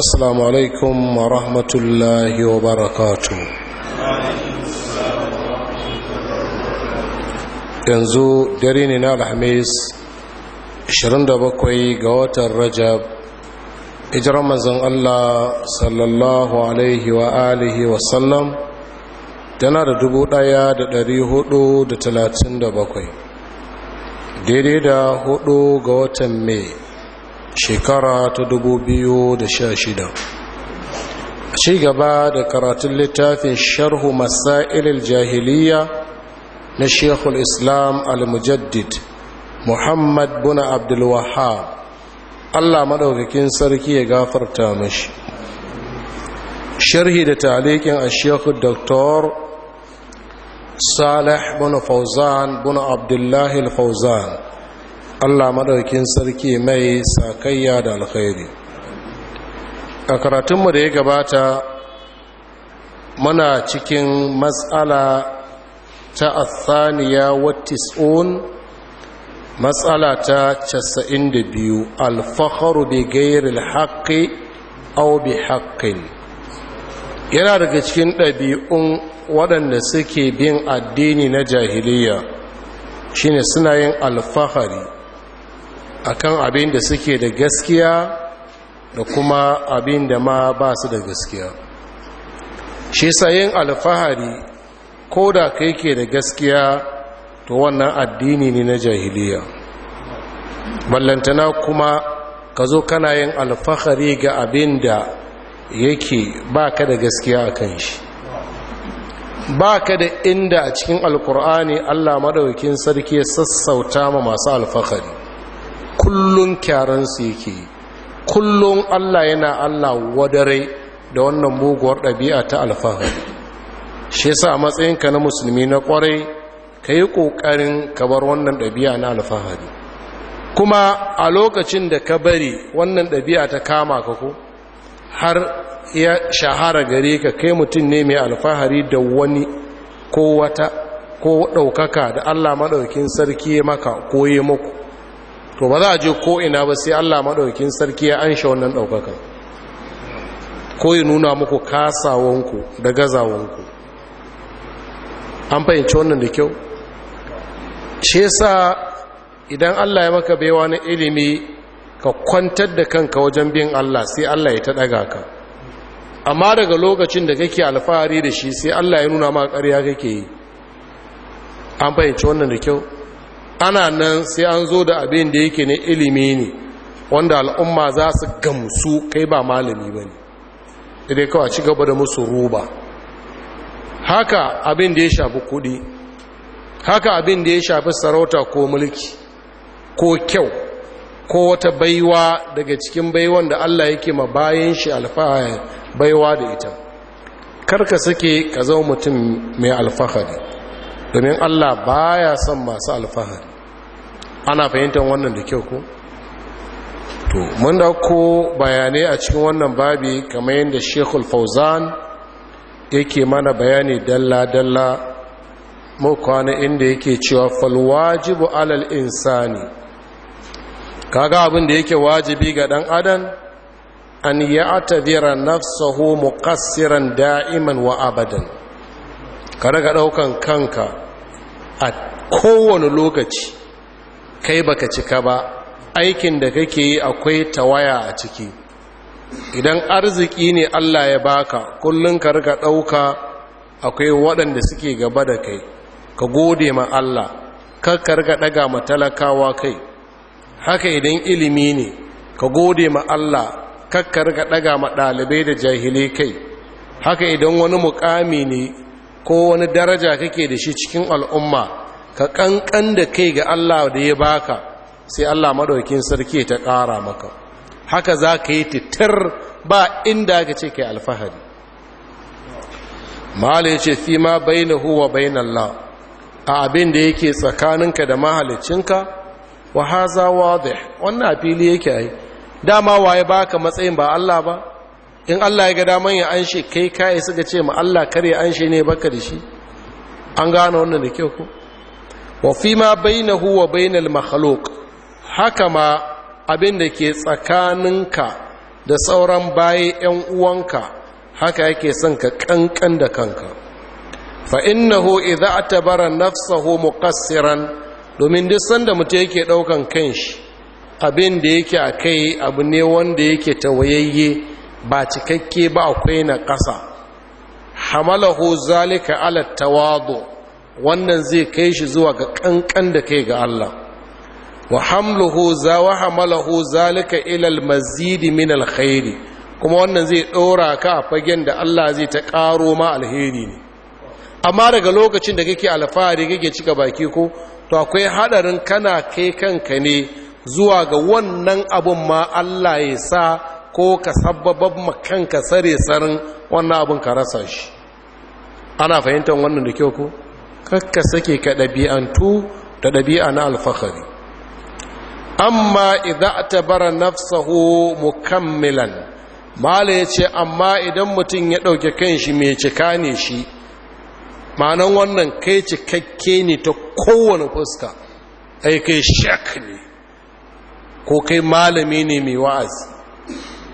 assalamu alaikum wa rahmatullahi wa barakatu yanzu dare ne na alhamis 27 ga watan rajab ijiran manzan allah sallallahu alaihi wa alihi wasallam tana da 1437 daidai da 4 ga watan mai shekara ta dubu biyu da sha shida. ci gaba da karatun littafin sharhu masailil jahiliya na shekul islam al-mujaddid muhammad buna abdulwahab allah maɗaukakin sarki ya gafarta mashi sharhi da talikin a shekul doktor salih buna fauzan buna abdullahi fauzan allah madaukin sarki mai sakayya da alkhairi a karatunmu da ya gabata muna cikin matsala ta athaniya on, matsala ta 92 alfaharu bi gairil haƙƙi au bi haƙƙin yana daga cikin ɗabi'un waɗanda suke bin addini na jahiliya shine suna yin alfahari akan abin da suke da gaskiya da kuma abin da ma ba su da gaskiya shi sayin alfahari ko da kai ke da gaskiya to wannan addini ne na jahiliya ballantana kuma ka zo kana yin alfahari ga abin da yake ba ka da gaskiya a kan shi ba ka da inda a cikin alkur'ani allah maɗaukin sarki ya sassauta ma masu alfahari Kullum kyaransu yake yi kullun allah yana allah wadare da wannan muguwar ɗabi'a ta alfahari shi yasa a matsayinka na musulmi na kwarai ka yi ƙoƙarin ka bar wannan ɗabi'a na alfahari kuma a lokacin da ka bari wannan ɗabi'a ta kama ka ko har ya shahara gare ka kai mutum ne mai alfahari da wani ko wata ko ɗaukaka da allah maɗaukin sarki ya maka ko muku to ba za a je ina ba sai allah maɗaukin sarki ya ansha wannan ɗaukakan ko ya nuna muku kasawanku da gazawanku an fahimci wannan da kyau ce sa idan allah ya maka baiwa na ilimi ka kwantar da kanka wajen bin allah sai allah ya taɗaga ka amma daga lokacin da kake alfahari da shi sai allah ya nuna ma ƙarya kake yi an fahimci wannan da kyau ana nan sai an zo da abin da yake na ilimi ne wanda al'umma za su gamsu kai ba malami ba ne idai kawai ci gaba da musu roba haka abin da ya shafi kudi haka abin da ya shafi sarauta ko mulki ko kyau ko wata baiwa daga cikin baiwan da Allah yake ma bayan shi alfahari baiwa da ita karka suke ka zama mutum mai alfahari domin Allah baya son masu alfahari ana fahimtar wannan da kyau ko to mun dauko bayanai a cikin wannan babi kamar yadda Sheikhul Fauzan yake mana bayani dalla dalla mu kwana inda yake cewa fal wajibu alal insani kaga abin da yake wajibi ga dan adam an ya'tadhira nafsuhu muqassiran da'iman wa abadan ka daga daukan kanka a kowane lokaci kai baka cika ba aikin da kake yi akwai tawaya a ciki idan arziki ne Allah ya baka kullun ka rika dauka akwai waɗanda suke gaba da kai ka gode ma Allah kar ka rika daga ma talakawa kai haka idan ilimi ne ka gode ma Allah kar ka rika daga ma ɗalibai da jahilai kai haka idan wani mukami ne ko wani daraja kake da shi cikin al'umma ka ƙanƙan da kai ga Allah da ya baka sai Allah maɗaukin sarki ta ƙara maka haka za ka yi titir ba inda ka ce kai alfahari mahala ce fi ma bai na huwa bai na Allah a abin da yake tsakaninka da mahalicinka wa haza wadih wannan a fili yake yi dama waye baka matsayin ba Allah ba in Allah ya ga daman ya anshe kai kai suka ce ma Allah kare anshe ne baka da shi an gane wannan da kyau ko wa fi ma bainahu wa bainal makhluq haka ma abin da ke tsakaninka da sauran baye yan uwanka haka yake son ka kankan da kanka fa innahu idza atabara nafsahu muqassiran domin duk sanda mutum yake daukan kanshi abin da yake a kai abu ne wanda yake tawayayye ba cikakke ba akwai na ƙasa hamalahu zalika ala tawadu wannan zai kai shi zuwa ga kankan da kai ga Allah wa hamluhu za wa hamalahu zalika ila al-mazid min al-khair kuma wannan zai dora ka fagen da Allah zai ta karo ma alheri ne amma daga lokacin da kake alfahari kake cika baki ko to akwai hadarin kana kai kanka ne zuwa ga wannan abun ma Allah ya sa ko ka ma kanka sare sarin wannan abun ka rasa shi ana fahimtar wannan da kyau ko kakka sake ka ɗabi'antu da ɗabi'a na alfahari amma idza tabara nafsahu mukammilan mala ce, amma idan mutum ya kan kanshi mai cika ne shi ma'anan wannan kai cikakke ne ta kowane fuska ai kai shak ne ko kai malami ne mai wa'azi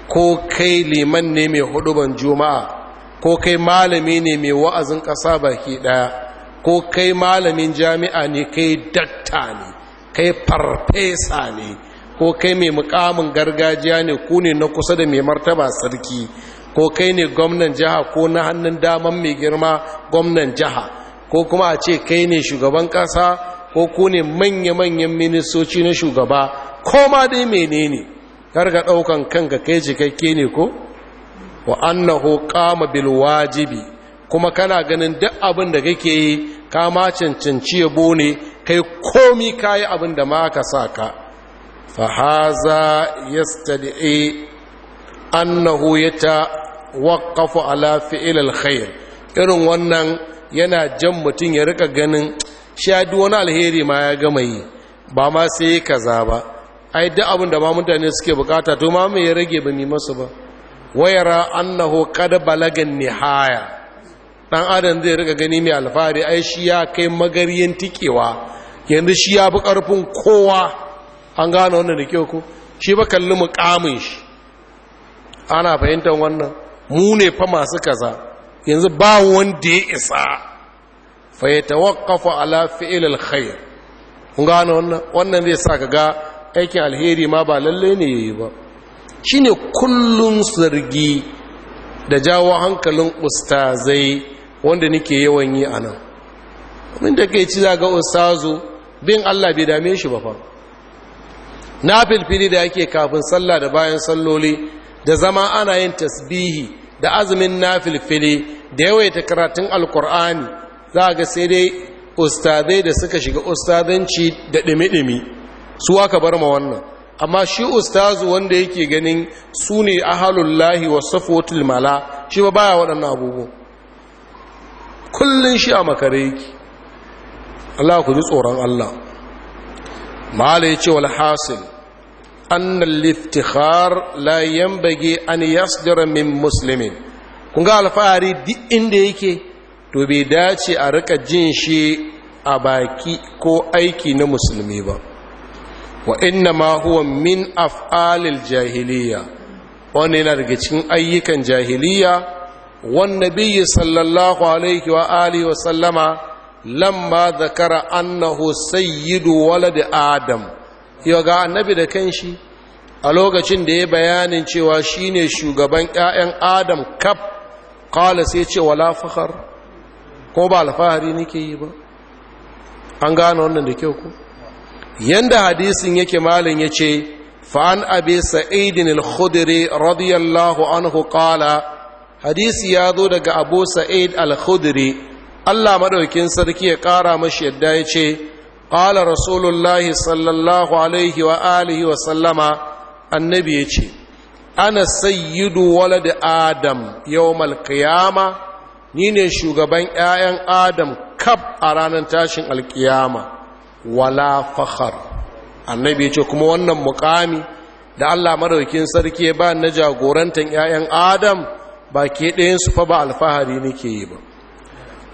ko kai liman ne mai hudu huduban juma'a ko kai malami ne mai wa'azin ƙasa baki ɗaya ko kai malamin jami'a ne kai dakta ne kai farfesa ne ko kai mai mukamin gargajiya ne ku ne na kusa da mai martaba sarki ko kai ne gwamnan jiha ko na hannun daman mai girma gwamnan jiha ko kuma a ce kai ne shugaban kasa ko ku ne manya-manyan ministoci na shugaba ko ma dai menene karga daukan kanka kai jikakke ne ko wa annahu qama bil wajibi kuma kana ganin duk abin da kake yi ka ma cancanci yabo ne kai komi ka yi abin da ma ka sa ka fahaza yastadi'i annahu ta waqqafu alafi ilal alkhair irin wannan yana jan mutum ya rika ganin sha wani alheri ma ya gama yi ba ma sai yi kaza ba ai duk abin da ma mutane suke bukata to ma me ya rage ba ni masu ba wayara annahu kada balagan nihaya dan adam zai riga gani mai alfahari ai shi ya kai magaryin tikewa yanzu shi ya fi karfin kowa an gane wannan da kyau ko shi ba kalli mukamin shi ana fahimtar wannan mu ne fa masu kaza yanzu ba wanda ya isa fa ya tawaqqafa ala fi'l alkhair kun gane wannan wannan zai sa ka ga aikin alheri ma ba lalle ne yayi ba shine kullun zargi da jawo hankalin ustazai wanda nake yawan yi a nan abin da ke ci zaga ustazu bin Allah bai dame shi ba fa na filfili da yake kafin sallah da bayan salloli da zama ana yin tasbihi da azumin na filfili da yawaita karatun alkur'ani za ga sai dai ustazai da suka shiga ustazanci da ɗimi-ɗimi su aka bar ma wannan amma shi ustazu wanda yake ganin su ne ahalullahi wa safwatul mala shi ba baya waɗannan abubuwa kullun shi a makare yake Allah ku ji tsoron Allah mala yace wal hasil an al-iftikhar la yanbaghi an yasdara min muslimin kun ga alfahari duk inda yake to bai dace a rika jin shi a baki ko aiki na musulmi ba wa inna ma huwa min af'alil jahiliya wannan yana daga cikin ayyukan jahiliya والنبي صلى الله عليه وآله وسلم لما ذكر أنه سيد ولد آدم يوغا النبي ده كنشي a lokacin da ya bayanin cewa shine shugaban 'ya'yan adam kaf kala sai ce wala ko ba alfahari nake yi ba an gane wannan da kyau ko. yanda hadisin yake malin ya ce fa'an abe sa'idin al-khudiri radiyallahu anhu kala hadisi ya zo daga abu sa'id al-khudri allah maɗaukin sarki ya ƙara mashi yadda ya ce ƙala rasulullahi sallallahu alaihi wa alihi wa sallama annabi ya ce ana sayyidu walad adam yawmal qiyama ni ne shugaban 'ya'yan adam kab a ranar tashin alkiyama wala fakhar annabi ya ce kuma wannan mukami da allah maɗaukin sarki ya ba na jagorantar 'ya'yan adam ba ke ɗayansu fa ba alfahari nake yi ba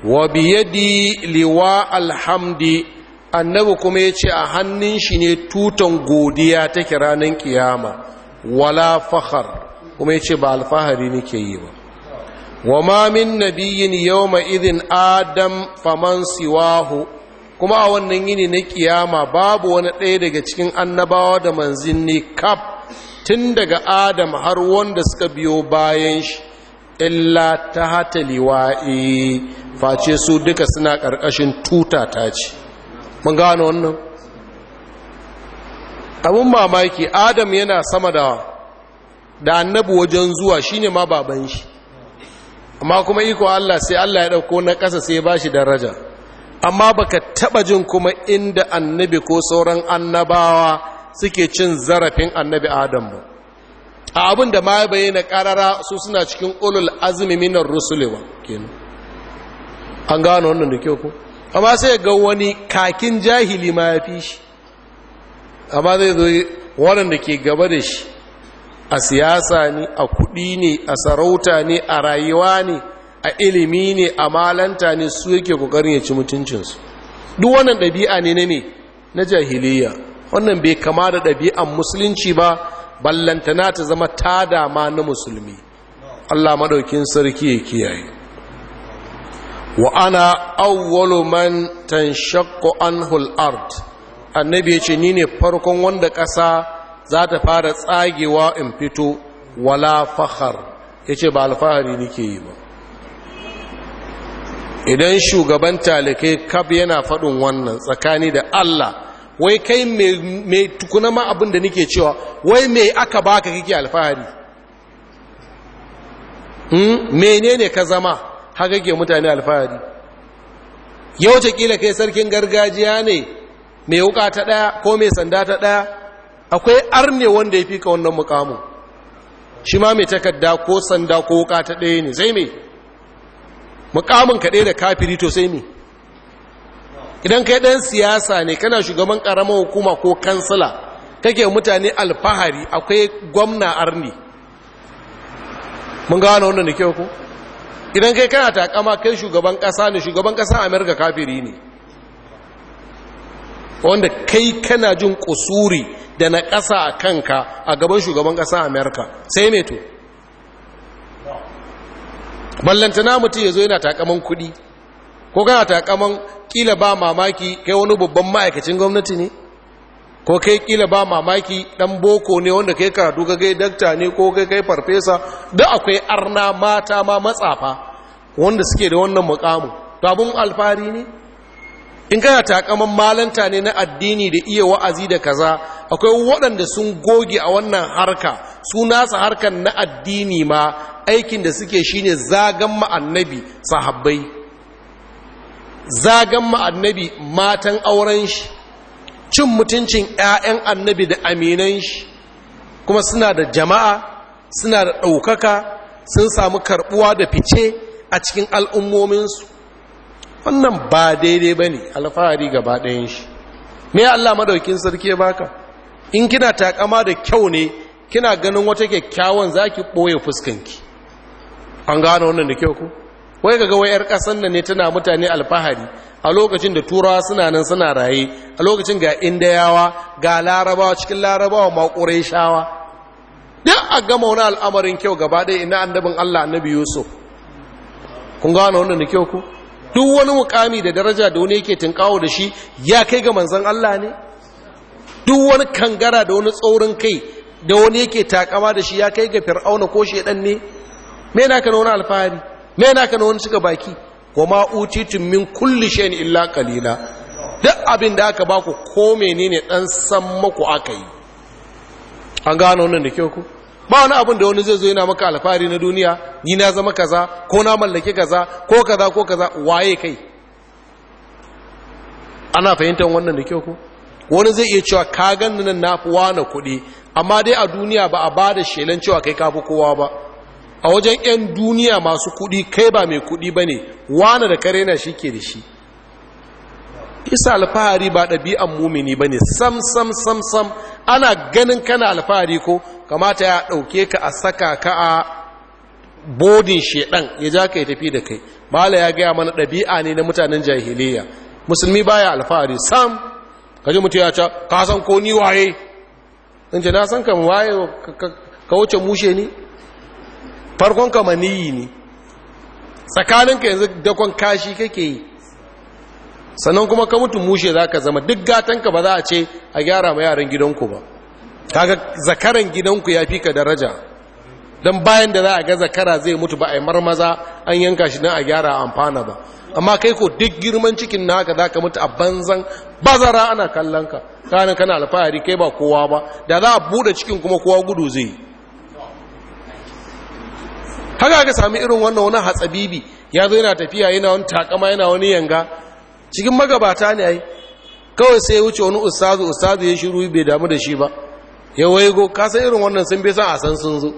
wa biyadi liwa alhamdi annabi kuma ya ce a hannun shi ne tutan godiya ta ranar kiyama wala fahar kuma ya ce ba alfahari nake yi ba wa ma min nabiyin ma idin adam faman siwahu kuma a wannan yini na kiyama babu wani ɗaya daga cikin annabawa da manzini kaf tun daga adam har wanda suka biyo bayan shi illa ta hata liwa'i face su duka suna ƙarƙashin tuta ta ce mun gano wannan abin mamaki adam yana sama da da annabu wajen zuwa shine ma baban shi amma kuma iko Allah sai Allah ya dauko na ƙasa sai ba shi daraja amma baka taba jin kuma inda annabi ko sauran annabawa suke cin zarafin annabi Adam ba abin da ma bayyana karara su suna cikin ulul azumi minar rusulewa kenan an gano wannan da kyau ko amma sai ga wani kakin jahili ma ya fi shi amma zai zo waɗanda ke gaba da shi a siyasa ne a kuɗi ne a sarauta ne a rayuwa ne a ilimi ne a malanta ne su yake kokarin ya ci mutuncinsu duk wannan ɗabi'a ne na ne na jahiliya wannan bai kama da ɗabi'an musulunci ba ballantana ta zama tada ma na musulmi Allah maɗaukin sarki ya kiyaye wa ana awwalu man tanshaqqu anhu al-ard annabi yace ni ne farkon wanda ƙasa za ta fara tsagewa in fito wala fakhar yace ba alfahari nake yi ba idan shugaban talikai kab yana faɗin wannan tsakani da Allah wai kai mai tukuna ma abin da nake cewa wai mai aka baka kake alfahari hmm? menene ka zama haka ke mutane alfahari yau ta kila kai sarkin gargajiya ne mai wuka ta ɗaya ko mai sanda ta ɗaya akwai arne wanda ya fi ka wannan mukamu shi ma mai takarda ko sanda ko wuka ta ɗaya ne zai mai mukamin kaɗai da kafiri to sai mai idan kai ɗan siyasa ne kana shugaban ƙaramin hukuma ko kansila kake mutane alfahari akwai gwamna arni mun gano wanda da kyau ku. idan kai kana takama kai shugaban ƙasa ne shugaban ƙasa america kafiri ne wanda kai kana jin kusuri da na ƙasa a kanka a gaban shugaban ƙasa amerika sai ne to ballantana mutum ya zo yana takaman kuɗi ko kana takaman kila ba mamaki kai wani babban ma'aikacin gwamnati ne ko kai kila ba mamaki dan boko ne wanda kai karatu ka kai dakta ne ko kai kai farfesa da akwai arna mata ma matsafa wanda suke da wannan mukamu to abun alfari ne in kana takaman malanta ne na addini da iya wa'azi da kaza akwai waɗanda sun goge a wannan harka su nasa harkar na addini ma aikin da suke shine zagan ma'annabi sahabbai zagan maannabi matan auren shi cin mutuncin 'ya'yan annabi da aminan shi kuma suna da jama'a suna da ɗaukaka sun samu karɓuwa da fice a cikin al'ummominsu wannan ba daidai ba ne alfahari gaba ɗayan shi me allah madaukin sarki ya baka in kina takama da kyau ne kina ganin wata kyakkyawan za ki ɓoye fuskanki an gano wannan da kyau ku wai ga wai yar kasan nan ne tana mutane alfahari a lokacin da turawa suna nan suna raye a lokacin ga indayawa ga larabawa cikin larabawa ma shawa dan a gama wani al'amarin kyau gaba ɗaya ina dabin Allah annabi Yusuf kun gano wannan da kyau ku duk wani mukami da daraja da wani yake tunkawo da shi ya kai ga manzan Allah ne duk wani kangara da wani tsorin kai da wani yake takama da shi ya kai ga fir'auna ko shedan ne me na kana wani alfahari me yana kana wani suka baki wa ma utitum min kulli shay'in illa qalila duk abin da aka baku ko menene dan san maku aka yi an gano wannan da kyau ku ba wani abin da wani zai zo yana maka alfahari na duniya ni na zama kaza ko na mallaki kaza ko kaza ko kaza waye kai ana fahimtar wannan da kyau ku wani zai iya cewa ka ganni nan na fi wani kuɗi amma dai a duniya ba a ba da shelan cewa kai ka fi kowa ba a wajen 'yan duniya masu kuɗi kai ba mai kuɗi ba ne wane da kare na shi ke da shi isa alfahari ba ɗabi'an mumini ba ne sam sam sam sam ana ganin kana alfahari ko kamata ya ɗauke ka a saka ka a bodin shedan ya ja ka ya tafi da kai mala ya gaya mana ɗabi'a ne na mutanen jahiliya musulmi baya alfahari sam kaji mutu ya ce ka san ko ni waye in ce na san waye ka wuce mushe ni farkon ka maniyi ne tsakaninka yanzu dakon kashi kake yi sannan kuma ka mutu mushe za ka zama duk gatanka ba za a ce a gyara ma yaran gidanku ba kaga zakaran gidanku ya fi ka daraja don bayan da za a ga zakara zai mutu ba a yi marmaza an yanka shi don a gyara amfana ba amma kai ko duk girman cikin na haka za ka mutu a banzan bazara ana kallon ka kana alfahari kai ba kowa ba da za a buɗe cikin kuma kowa gudu zai yi haka ka sami irin wannan wani hatsabibi ya zo yana tafiya yana wani takama yana wani yanga cikin magabata ne ai kawai sai ya wuce wani ustazu ustazu ya shiru bai damu da shi ba ya waigo ka san irin wannan sun bai san a san sun zo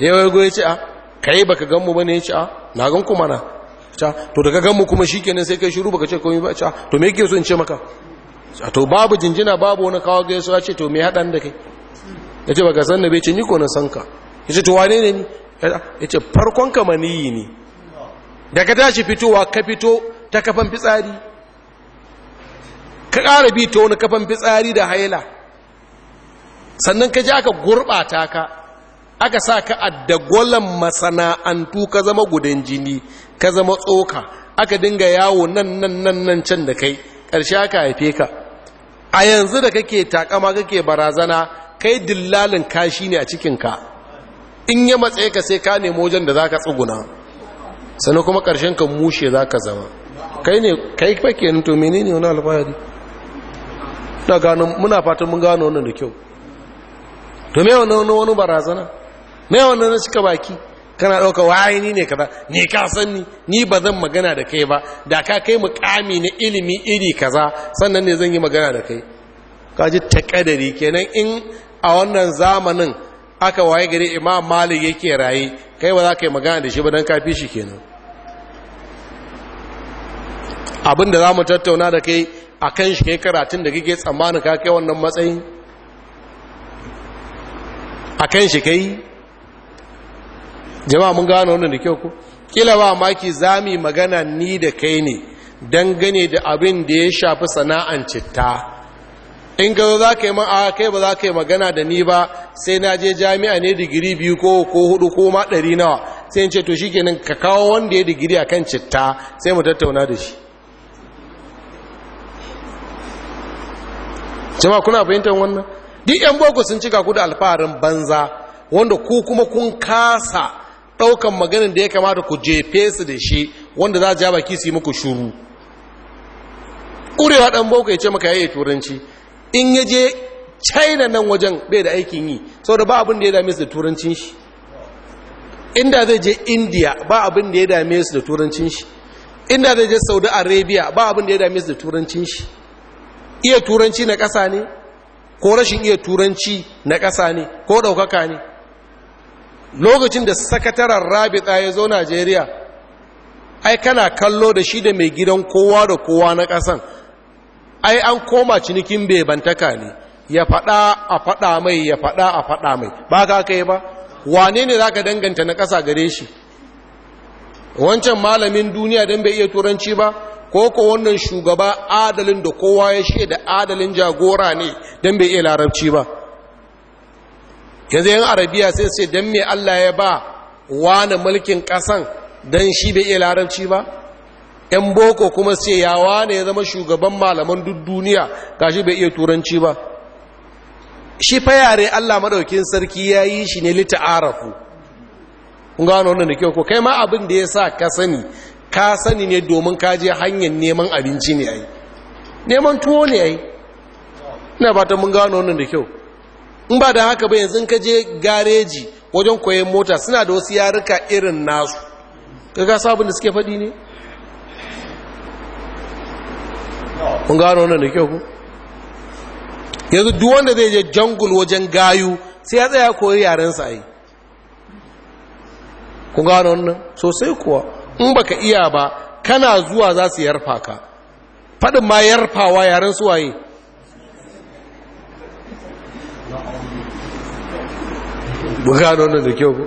ya waigo ya ce a ah, kai baka gan mu bane ya ce a ah, na gan kuma na ta ah, to daga gan mu kuma shikenan sai kai shiru baka ce komai ba ta to me yake so in ce maka a to babu jinjina babu wani kawo gaisuwa ce to me hadan da kai ce baka san na bai ce ni ko na san ka ce to wane ne ni Eh, ya ce farkon kamaniyi ne daga tashi fitowa ka fito ta kafan fitsari ka ƙara bi ta wani kafan fitsari da haila sannan ka ji aka gurɓata ka aka sa ka addagwalan masana'antu ka zama gudan jini ka zama tsoka aka dinga yawo nan nan nan nan can da kai ƙarshe aka haife ka a yanzu da kake takama kake barazana kai dillalin kashi ne a cikinka in ya matsaye ka sai ka nemo wajen da za ka tsuguna sannan kuma ƙarshen ka mushe za ka zama kai ne kai fake to mene ne wani alfahari na gano muna fatan mun gano wannan da kyau to me wani wani barazana me wani na cika baki kana ɗauka waye ni ne kaza ni ka san ni ni ba zan magana da kai ba da ka kai mukami na ilimi iri kaza sannan ne zan yi magana da kai Ka ji takadari kenan in a wannan zamanin aka waye gari imam malik yake raye kai ba za ka yi magana da shi ba don kafi shi kenan abin da za mu tattauna da kai a kan shi kai karatun da kake tsammanin ka kai wannan matsayin a kan shi kai jama'a mun gano wannan da kyau ku kila ba maki za mu yi magana ni da kai ne dangane da abin da ya shafi sana'an citta in ga za ka yi ma'a kai ba za ka yi magana da ni ba sai na je jami'a ne digiri biyu ko ko hudu ko ma ɗari nawa sai in ce to shi kenan ka kawo wanda ya digiri a kan citta sai mu tattauna da shi jama'a kuna fahimtar wannan duk yan boko sun cika ku da alfaharin banza wanda ku kuma kun kasa ɗaukan maganin da ya kamata ku jefe su da shi wanda za a ja baki su yi muku shuru ƙurewa ɗan boko ya ce maka yayi turanci in ya je china nan wajen bai da aikin yi sau da ba abin da ya dame su da turancin shi inda zai je india ba abin da ya dame su da turancin shi inda zai je saudi arabia ba abin da ya dame su da turancin shi iya turanci na ƙasa ne ko rashin iya turanci na ƙasa ne ko ɗaukaka ne lokacin da sakataren rabita ya zo najeriya ai kana kallo da shi da mai gidan kowa da kowa na ƙasan ai an koma cinikin bebantaka ne ya faɗa a faɗa mai ya faɗa a faɗa mai ba ka kai ba wane ne za ka danganta na ƙasa gare shi wancan malamin duniya don bai iya turanci ba ko ko wannan shugaba adalin da kowa ya shi da adalin jagora ne don bai iya larabci ba yanzu yan arabiya sai sai don mai allah ya ba wani mulkin ƙasan don shi bai iya larabci ba yan boko kuma sai yawa ne ya zama shugaban malaman duk duniya shi bai iya turanci ba shi fa yare Allah madaukin sarki ya yi shi ne lita arafu gano wannan da kyau ko kai ma abin da ya sa ka sani ka sani ne domin ka je hanyar neman abinci ne ai neman tuwo ne ai ina fatan mun gano wannan da kyau in ba da haka ba yanzu ka je gareji wajen koyon mota suna da wasu yaruka irin nasu ga sabon da suke faɗi ne kun gano wannan da kyau ku yanzu duk wanda zai je jangul wajen gayu sai ya tsaya koyi yaren sa yi kun gano wannan sosai kuwa in baka iya ba kana zuwa za su yarfa ka faɗin ma yarfawa yaren suwaye gano wannan da kyau ku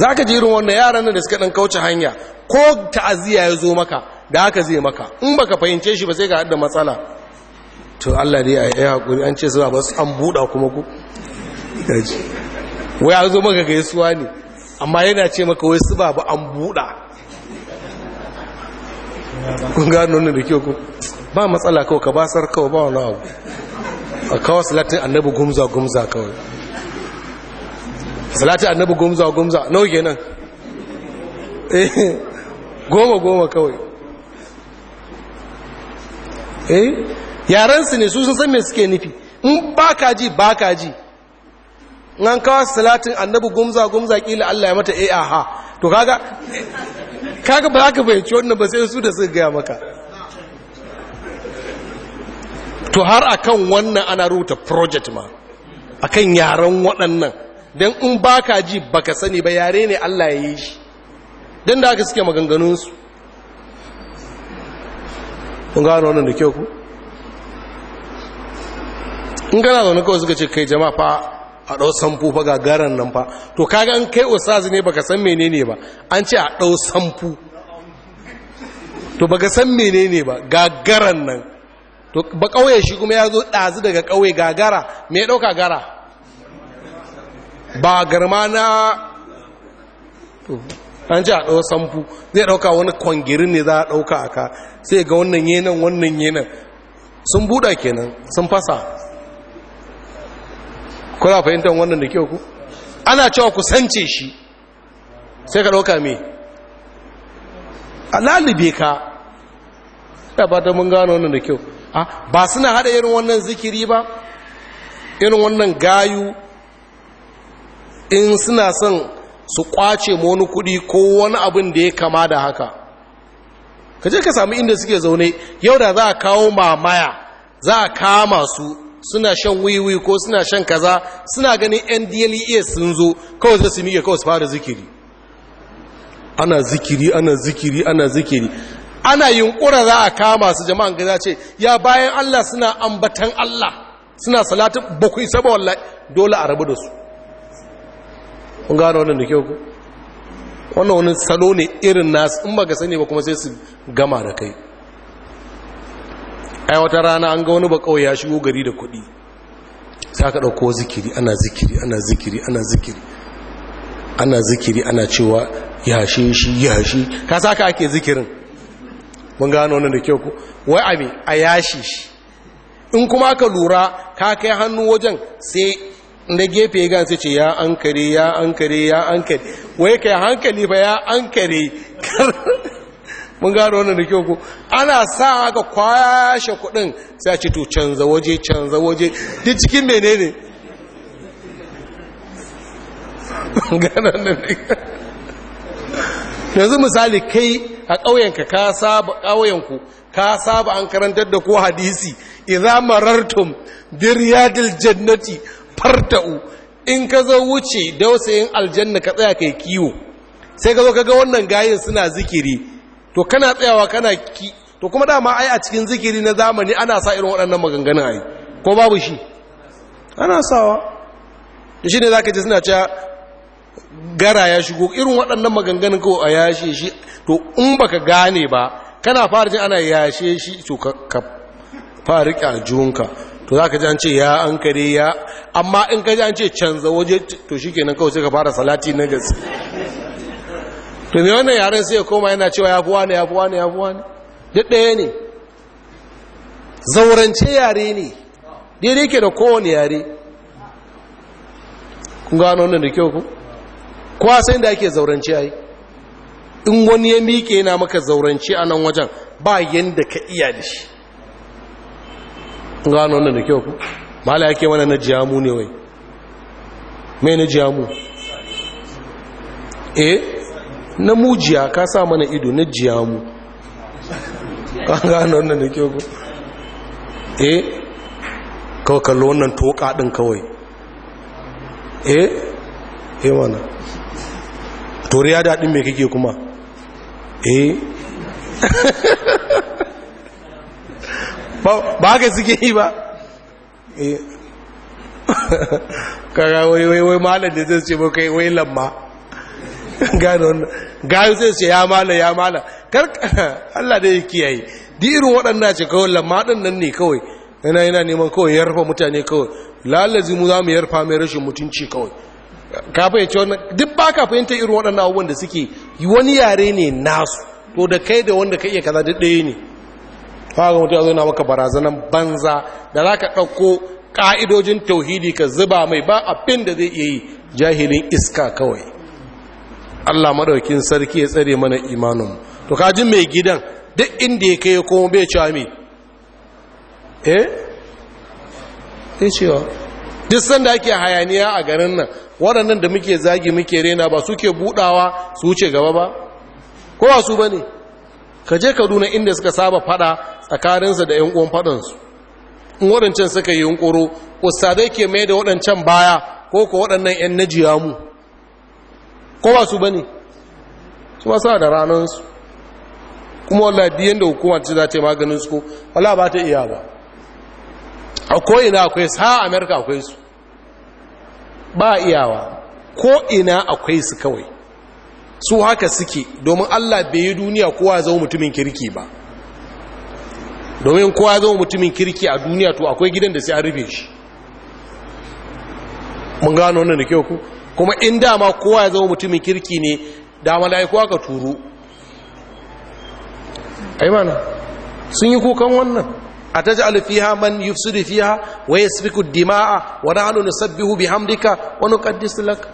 za ka ji irin wannan yaran da suka ɗan kauce hanya ko ta'aziyya ya zo maka da haka zai maka in baka fahimce shi ba sai ga hada matsala to Allah dai ya yi hakuri an ce suna su an buɗa kuma ku gaji wai an zo maka yasuwa ne amma yana ce maka wai su ba ba an buɗa kun gano ne da kyau ku ba matsala kawai ka basar kawai ba wani abu a kawo salatin annabi gumza gumza kawai salatin annabi gumza gumza nau kenan eh, goma goma kawai E? Eh? yaransu ne su sun san me suke nufi in ba ka ji ba ka ji an kawo salatin annabi gumza gumza kila Allah ya mata eh aha to kaga kaga ba ka wannan ba sai su da suka gaya maka to har akan wannan ana rubuta project ma akan yaran waɗannan don in ba ka ji baka sani ba yare ne Allah ya yi shi don da aka suke maganganunsu kun gano wannan da kyau ku in gana zaune kawai suka ce kai jama'a fa a ɗau samfu fa ga garan nan fa to kaga an kai ustazi ne baka san menene ba an ce a ɗau samfu to baka san menene ba ga garan nan to ba ƙauye shi kuma ya zo ɗazu daga ƙauye ga gara me ya ɗauka gara ba garma na an ji a ɗau samfu zai ɗauka wani kwangirin ne za a ɗauka a ka sai ga wannan yenan wannan yenan sun buɗa kenan sun fasa kuna fahimtar wannan da kyau ku ana cewa ku sance shi sai ka ɗauka me a lalube ka ya ba ta mun gano wannan da kyau ba suna haɗa irin wannan zikiri ba irin wannan gayu in suna son su kwace ma wani kuɗi ko wani abin da ya kama da haka ka je ka sami inda suke zaune yau da za a kawo mamaya za a kama su suna shan wiwi ko suna shan kaza suna ganin yan dla e sun zo kawai zai su miƙe kawai su fara zikiri ana zikiri ana zikiri ana zikiri ana yunkura za a kama su jama'an gaza ce ya bayan allah suna ambatan allah suna salatin bakwai saboda dole a rabu da su kun gano wannan da kyau ku wannan wani salo ne irin nasu in ba ka sani ba kuma sai su gama da kai ai wata rana an ga wani ba kawai ya shigo gari da kuɗi sai ka ɗauko zikiri ana zikiri ana zikiri ana zikiri ana zikiri ana cewa yashe shi yashe ka sa ka ake zikirin mun gano wannan da kyau ku wai abi a yashi shi in kuma ka lura ka kai hannu wajen sai da gefe ya gansu ce ya an kare ya an kare ya an kare wai kai hankali ba ya an kare mun gano wannan da kyau ku ana sa haka kwashe kudin sai a ce to canza waje canza waje duk cikin menene yanzu misali kai a ƙauyenka ka saba ƙauyenku ka saba an karantar da ko hadisi idza marartum bi jannati farta'u in ka zo wuce dausayin aljanna ka tsaya kai kiwo sai ka zo ka ga wannan gayin suna zikiri to kana tsayawa kana ki to kuma dama ai a cikin zikiri na zamani ana sa irin waɗannan maganganun ai ko babu shi ana sawa shi ne za ka ce suna cewa gara ya shigo irin waɗannan maganganun ko a yashe shi to in baka gane ba kana fara jin ana yashe shi to ka fara riƙe a to za ka ji an ce ya an kare ya amma in ka ji an ce canza waje to shi kenan kawai sai ka fara salati na gasi to me wannan yaren sai ya koma yana cewa ya fuwa ne ya fuwa ne ya fuwa ne duk ɗaya ne zaurance yare ne daidai ke da kowane yare kun gano wannan da kyau ku kowa sai da ake zaurance ya yi in wani ya miƙe yana maka zaurance a nan wajen ba yadda ka iya da shi gano wannan da kyau ku mala yake mana na jiyamu ne wai mai na jiyamu eh na mujiya ka sa mana ido na jiyamu ka gano wannan da kyau ku eh kawai kallo wannan toka ɗin kawai eh eh mana toriya daɗin mai kake kuma eh ba ka suke yi ba eh. kaga wai wai wai malam da zai ce kai wai lamma gano gano zai ce ya malam ya malam kar Allah da ya kiyaye di irin waɗannan ce kawai lamma ɗin nan ne kawai yana yana neman kawai ya rufa mutane kawai lalazi mu za mu yarfa mai rashin mutunci kawai ya ce wannan duk ba ka fahimta irin waɗannan abubuwan da suke wani yare ne nasu to da kai da wanda ka iya kaza duk ɗaya ne fara mutum yanzu na maka barazanan banza da za ka ɗauko ƙa'idojin tauhidi ka zuba mai ba abin da zai iya yi jahilin iska kawai allah maɗaukin sarki ya tsare mana imanin to kaji mai gidan duk inda ya kai kuma bai cewa mai eh? ya cewa duk sanda ake hayaniya a garin nan waɗannan da muke zagi muke rena ba suke buɗawa su wuce gaba ba ba su ba ne ka je kaduna inda suka saba fada tsakaninsa da 'yan uwan faɗansu in waɗancan suka yi yunƙuro ustadai ke mai da waɗancan baya ko ko waɗannan 'yan najiya mu ko ba su ba ne su ba sa da ranansu kuma wallah biyan da hukumar ci za ta yi maganin su ko wala ba ta iya ba a ko'ina akwai su ha amerika akwai su ba iyawa ko'ina akwai su kawai su haka suke domin allah bai yi duniya kowa zama mutumin kirki ba domin kowa zama mutumin kirki a duniya to akwai gidan da sai an rufe shi mun gano wannan da kyau kuma in dama kowa ya zama mutumin kirki ne da mala'iku aka turo ai mana sun yi kukan wannan a ta ja'al fiha man yufsidu fiha wa yasfiku dima'a wa nahnu nusabbihu bihamdika wa nuqaddisu lak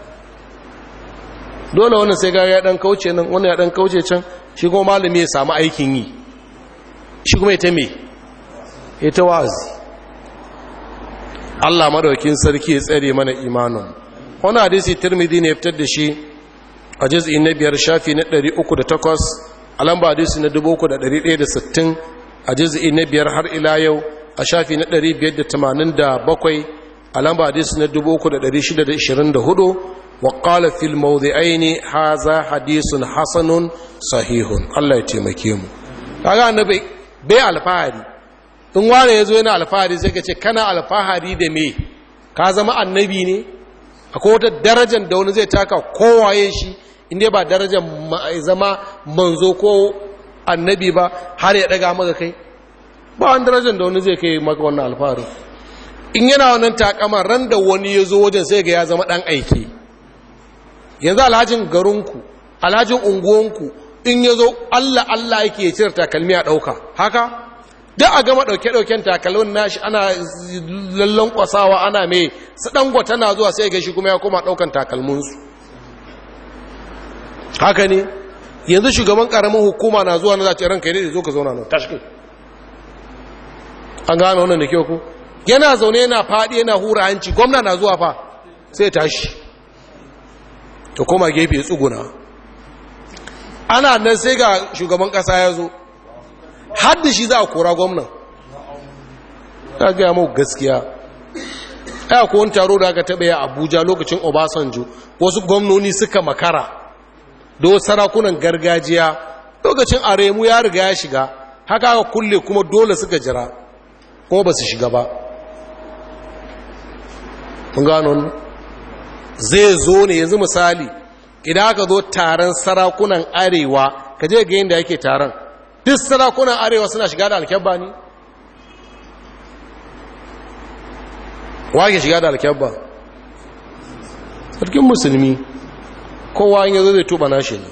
dole wannan sai ga ya dan kauce nan wannan ya dan kauce can shi kuma malami ya samu aikin yi shi kuma ita me ita wazi Allah madaukin sarki ya tsare mana imanin wani hadisi tirmidhi ne fitar da shi a juz'i na biyar shafi na 308 a lamba hadisi na 3160 a juz'i na biyar har ila yau a shafi na 587 a lamba hadisi na 3624 وقال في الموضعين هذا حديث حسن صحيح الله يتمكيم kaga annabi bai alfahari in wane ya zo yana alfahari sai ka ce kana alfahari da me ka zama annabi ne a wata darajan da wani zai taka kowaye shi inda ba darajar zama manzo ko annabi ba har ya daga maka kai ba wani darajar da wani zai kai maka wannan alfahari in yana wannan takama ran da wani ya zo wajen sai ga ya zama dan aiki yanzu alhajin garinku alhajin unguwanku in ya zo allah allah yake ya cire takalmi a ɗauka haka da a gama ɗauke-ɗauken takalmin nashi ana lallon kwasawa ana mai su ɗangwa tana zuwa sai ga shi kuma ya koma ɗaukan takalminsu haka ne yanzu shugaban ƙaramin hukuma na zuwa na zace ranka ne da zo ka zauna nan tashi an gano wannan da ke ku yana zaune yana faɗi yana hura hanci gwamna na zuwa fa sai tashi ta koma gefe tsuguna ana nan sai ga shugaban kasa ya zo hadda shi za a kora gwamnan ta gaya mau gaskiya ya kowon taro da aka taɓa ya abuja lokacin obasanjo wasu gwamnoni suka makara da wasu sarakunan gargajiya lokacin aremu ya riga ya shiga haka aka kulle kuma dole suka jira kuma ba su shiga ba mun zai zo ne yanzu misali idan aka zo taron sarakunan arewa ka je ga yadda yake taron duk sarakunan arewa suna shiga da alkyabba ne wake shiga da alkyabba sarkin musulmi kowa yin yanzu zai tuba nashi ne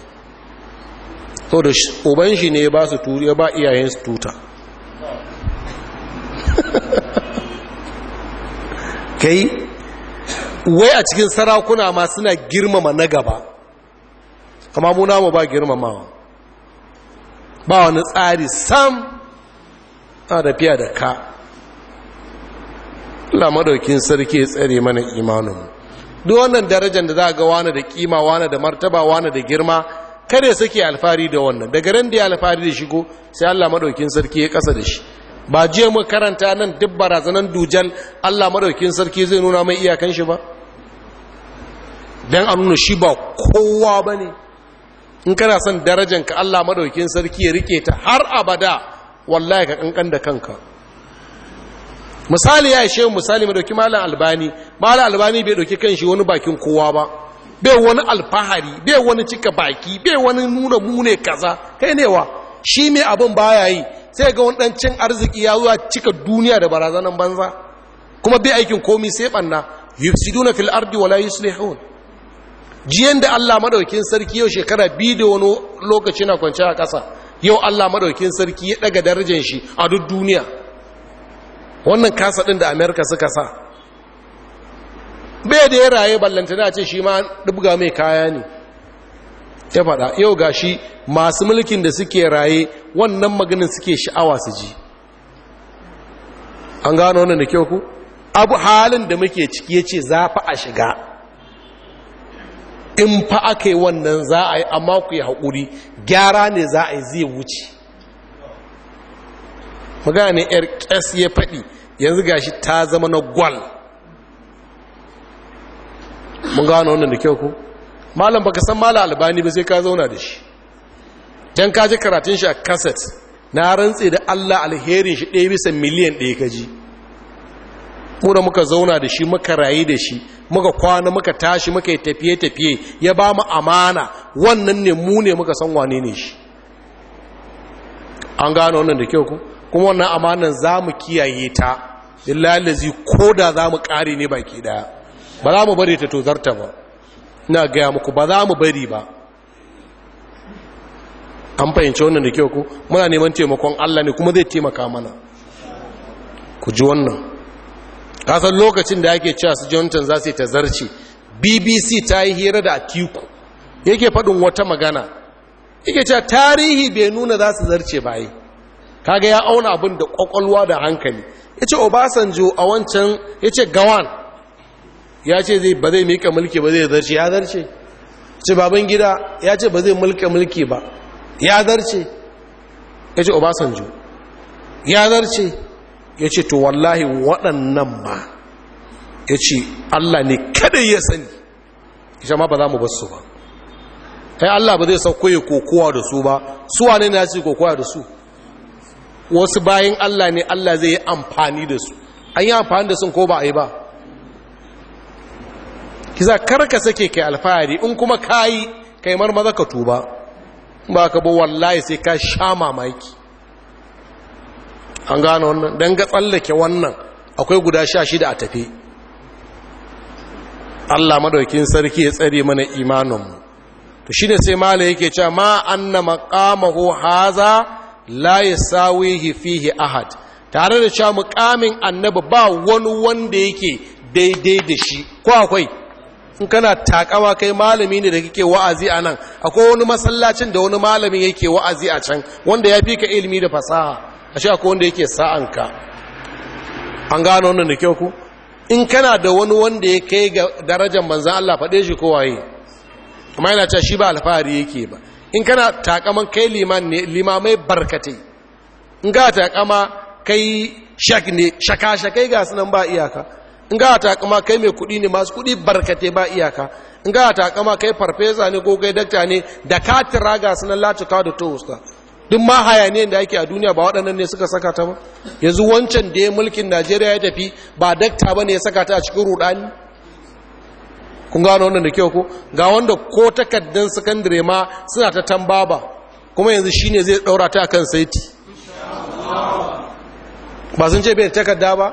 so da oban shi ne ba su turi ba iyayen su tuta kai wai a cikin sarakuna ma suna girmama na gaba amma mu namu ba girmamawa ba wani tsari sam na da fiya da ka Allah madaukin sarki ya tsare mana imaninmu duk wannan darajar da za ga wani da kima wani da martaba wani da girma kare suke alfari da wannan daga ran da ya alfari da shigo sai Allah madaukin sarki ya kasa da shi ba je mu karanta nan duk barazanan dujal Allah madaukin sarki zai nuna mai iyakan shi ba dan a nuna shi ba kowa bane in kana son darajan ka Allah madaukin sarki ya rike ta har abada wallahi ka kankan da kanka misali ya shehu misali madauki malam albani malam albani bai dauki kanshi wani bakin kowa ba bai wani alfahari bai wani cika baki bai wani nuna mune kaza kai ne wa shi mai abin baya yi sai ga wani cin arziki ya zuwa cika duniya da barazanan banza kuma bai aikin komi sai banna yusiduna fil ardi wala yuslihun jiyan da Allah madaukin sarki yau shekara biyu da wani lokaci na kwance a ƙasa yau Allah madaukin sarki ya ɗaga darajar shi a duk duniya wannan kasa ɗin da Amerika suka sa bai da ya raye ballantana ce shi ma dubga mai kaya ne ya faɗa yau ga shi masu mulkin da suke raye wannan maganin suke sha'awa su ji an gano wannan da kyau ku abu halin da muke ciki ya ce za fa a shiga in fa aka yi wannan za a yi amma ku yi haƙuri gyara ne za a yi zai wuce magana yar ƙes ya faɗi yanzu gashi ta zama na gwal mun gano wannan da kyau ku malam baka san malam albani ba sai ka zauna da shi don ka ji karatun shi a kaset na rantse da allah alherin shi ɗaya bisa miliyan ɗaya ka ji mu muka zauna da shi muka rayu da shi muka kwana muka tashi muka yi tafiye-tafiye ya ba mu amana wannan ne mu ne muka san wane ne shi an gano wannan da kyau ku kuma wannan amanan za mu kiyaye ta lalazi ko da za mu kare ne baki daya ba za mu bari ta tozarta ba na gaya muku ba za mu bari ba an fahimci wannan da kyau ku muna neman taimakon allah ne kuma zai taimaka mana ku ji wannan kasan lokacin da ake cewa su jonathan za su yi tazarci bbc ta yi hira da atiku yake faɗin wata magana yake cewa tarihi bai nuna za su zarce baye kaga ya auna abin da kwakwalwa da hankali ya ce obasanjo a wancan ya ce gawan ya ce ba zai mika mulki ba zai zarce ya zarce ce baban gida ya ce ba zai mulka mulki ba ya zarce ya ce obasanjo ya zarce ya ce to wallahi waɗannan ma ya ce allah ne kaɗai ya sani ita ba za mu basu ba ai allah ba zai sauko ya kokowa da su ba su wane na ce kokowa da su wasu bayan allah ne allah zai yi amfani da su an yi amfani da sun ko ba a yi ba kisa karka sake kai alfahari in kuma kayi kai marmaza ka tuba ba ka ba wallahi sai ka sha mamaki an gane wannan don ga tsallake wannan akwai guda sha shida a tafi allah madaukin sarki ya tsare mana imaninmu to shi ne sai mala yake cewa ma anna maqamahu haza la yasawihi fihi ahad tare da cewa mukamin annabi ba wani wanda yake daidai da shi ko akwai in kana takawa kai malami ne da kake wa'azi a nan akwai wani masallacin da wani malamin yake wa'azi a can wanda ya fi ka ilimi da fasaha ashe akwai wanda yake sa'anka an gano wannan da kyau ku in kana da wani wanda ya kai ga darajar manzan Allah faɗe shi kowaye amma yana cewa shi ba alfahari yake ba in kana takaman kai liman ne limamai barkatai in ga takama kai shak ne shaka-shakai ga sunan ba iyaka in ga takama kai mai kuɗi ne masu kuɗi barkatai ba iyaka in ga takama kai farfesa ne ko kai dakta ne da katira ga sunan latuka da tohusta duk ma hayaniyan da ake a duniya ba waɗannan ne suka saka ta ba yanzu wancan da ya mulkin najeriya ya tafi ba dakta ba ne ya saka ta a cikin rudani kun gano wannan da kyau ko ga wanda ko takaddan sakandare ma suna ta tambaba kuma yanzu shine zai ɗaura ta akan saiti ba sun ce bai takadda ba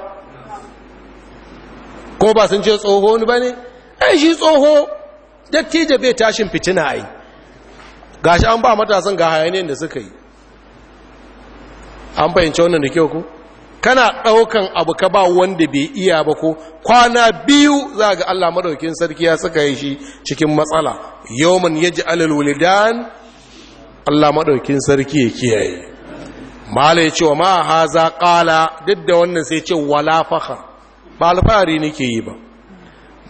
ko ba sun ce tsoho ni ba ne ai shi tsoho dattijo bai tashin fitina ai gashi an ba matasan ga hayaniyar da suka yi an fahimci wannan da kyau ko kana ɗaukan abu ka ba wanda bai iya ba ko kwana biyu za ga Allah madaukin sarki ya saka yi shi cikin matsala yawman yaji alal wulidan Allah madaukin sarki ya kiyaye mala ya ce wa ma haza qala duk da wannan sai ce wala fakha ba alfahari nake yi ba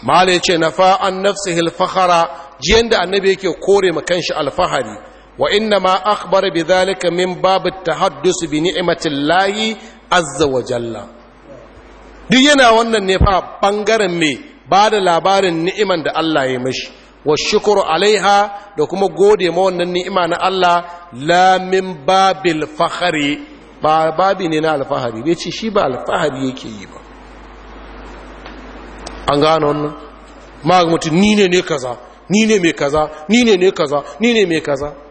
mala ya ce nafa an nafsihi fakhara jiyan da annabi yake kore ma kanshi alfahari wa inna ma akhbara bi zalika min babu tahaddus bi ni'matillahi azza wa jalla duk yana wannan ne fa bangaren me ba da labarin ni'iman da Allah ya mishi wa shukuru alaiha da kuma gode ma wannan ni'ima na Allah la min babil fakhari ba babi ne na alfahari bai ce shi ba alfahari yake yi ba an gano wannan ma mutum ni ne ne kaza ni ne mai kaza ni ne ne kaza ni ne mai kaza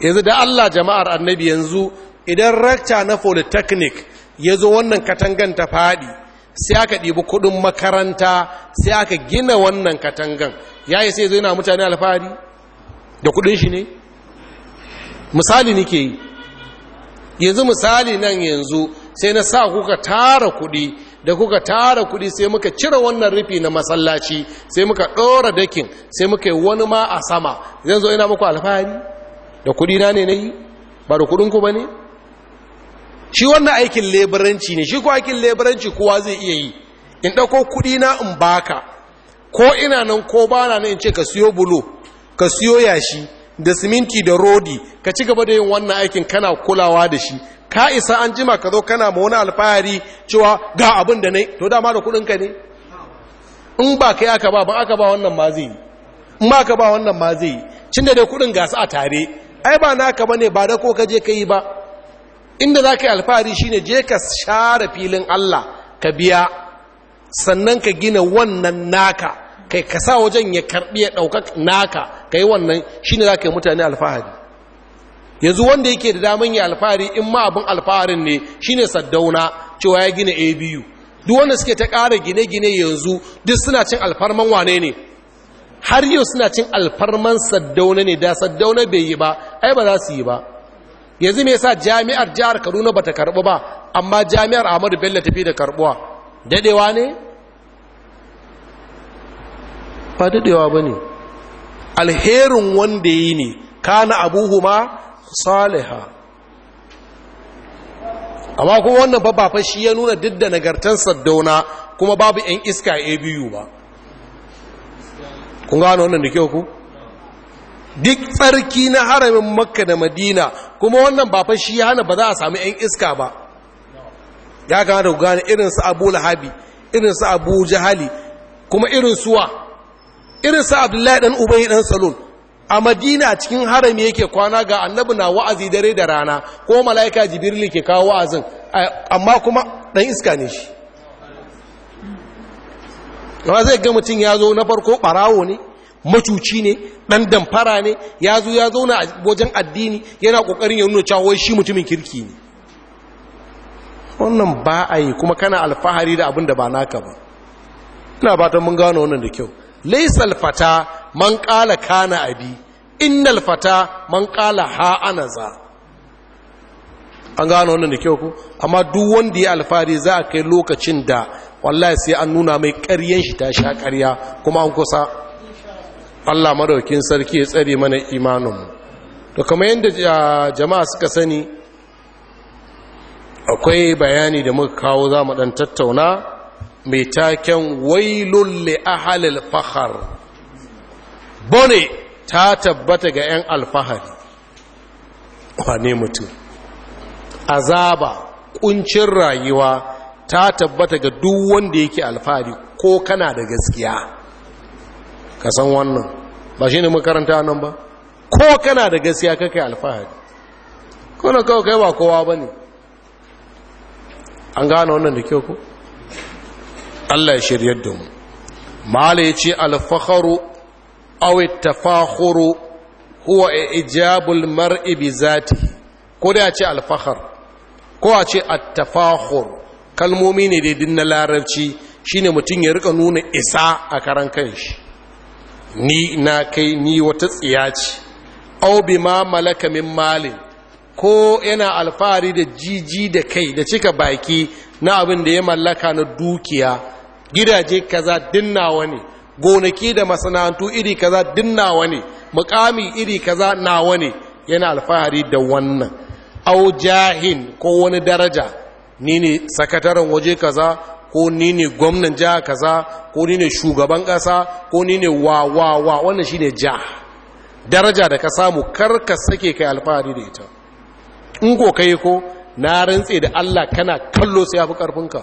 yanzu da Allah jama'ar annabi yanzu idan rakta na polytechnic ya zo wannan katangan ta faɗi sai aka ɗibi kuɗin makaranta sai aka gina wannan katangan ya yi sai zo yana mutane alfahari da kuɗin shi ne misali nike yi yanzu misali nan yanzu sai na sa kuka tara kuɗi da kuka tara kuɗi sai muka cire wannan rufi na masallaci sai muka ɗora dakin sai muka yi wani ma a sama zan zo ina muku alfahari da kudi na ne yi ba da kudin ku ne? shi wannan aikin leburanci ne shi ko aikin leburanci kowa zai iya yi in ɗauko kudi na in baka ko ina nan ko ba na nan in ce ka siyo bulo ka siyo yashi da siminti da rodi ka ci gaba da yin wannan aikin kana kulawa da shi ka isa an jima ka zo kana ma wani alfahari cewa ga abin da yi. to dama da ka ne in ba kai aka ba ba aka ba wannan ma zai in ba aka ba wannan ma zai da dai kudin gasa a tare ai ba naka bane ba da ko ka je ka yi ba inda za ka yi alfahari shine je ka share filin Allah ka biya sannan ka gina wannan naka kai ka sa wajen ya karbi ya ɗauka naka ka yi wannan shine za ka yi mutane alfahari yanzu wanda yake da daman yi alfahari in ma abin alfaharin ne shine saddauna cewa ya gina abu duk wanda suke ta ƙara gine-gine yanzu duk suna cin alfarman wane ne har yau suna cin alfarman saddauna ne da saddauna bai yi ba ai ba za su yi ba yanzu me yasa jami'ar jihar Kaduna ta karbu ba amma jami'ar Ahmadu Bello tafi da karbuwa dadewa ne ba dadewa ne. alherin wanda yi ne kana ma? saliha amma kuma wannan ba fashi ya nuna duk da nagartan saddauna kuma babu yan iska a biyu ba kun gano wannan da kyau ku duk tsarki na haramin makka da madina kuma wannan ba fa shi hana ba za a sami yan iska ba ya gane da gane irin su abu lahabi irin su abu jahali kuma irin suwa irin su abdullahi dan ubayi dan salon a madina cikin harami yake kwana ga annabi na wa'azi dare da rana ko mala'ika jibril ke kawo wa'azin amma kuma dan iska ne shi amma zai ga mutum ya zo na farko ɓarawo ne macuci ne ɗan damfara ne ya zo ya zauna a wajen addini yana ƙoƙarin ya nuna cewa shi mutumin kirki ne wannan ba a yi kuma kana alfahari da abin da ba naka ba ina ba ta mun gano wannan da kyau laisal fata man ƙala kana abi innal fata man ƙala ha ana za an gano wannan da kyau ku amma duk wanda ya alfahari za a kai lokacin da wallahi sai an nuna mai ƙaryen shi ta sha ƙarya kuma an kusa Allah madaukin sarki ya tsare mana imaninmu to kamar yadda ah, jama'a suka sani akwai bayani da muka kawo za mu ɗan tattauna mai taken wailulle li ahalil fahar bone ta tabbata ga 'yan alfahari wane mutum azaba kuncin rayuwa ta tabbata ga duk wanda yake alfahari ko kana da gaskiya ka san wannan ba shi ne makaranta nan ba ko kana da gaskiya kake alfahari kuna kawai kai ba kowa ba ne an gane wannan da kyau ko allah ya shirya da mu mala ya ce alfaharu awai tafahuru huwa ijabul mar'ibi zati ko da ya ce alfahar ko a ce a tafahuru kalmomi ne dai din na larabci shine mutum ya rika nuna isa a karan kanshi ni na kai ni wata tsiya ce au ma malaka min malin ko yana alfahari da jiji da kai da cika baki na abin da ya mallaka na dukiya gidaje kaza dinnawa ne gonaki da masana'antu iri kaza dinnawa ne mukami iri kaza nawa ne yana alfahari da wannan au jahin ko wani daraja ni ne sakataren waje kaza ko ni ne gwamnan jiha kaza ko ni ne shugaban kasa, ko ni ne wa wa wa wannan ne jaha. daraja da ka samu kar sake kai alfahari da ita in ko kai ko na rantse da Allah kana kallo sai ya yafi karfinka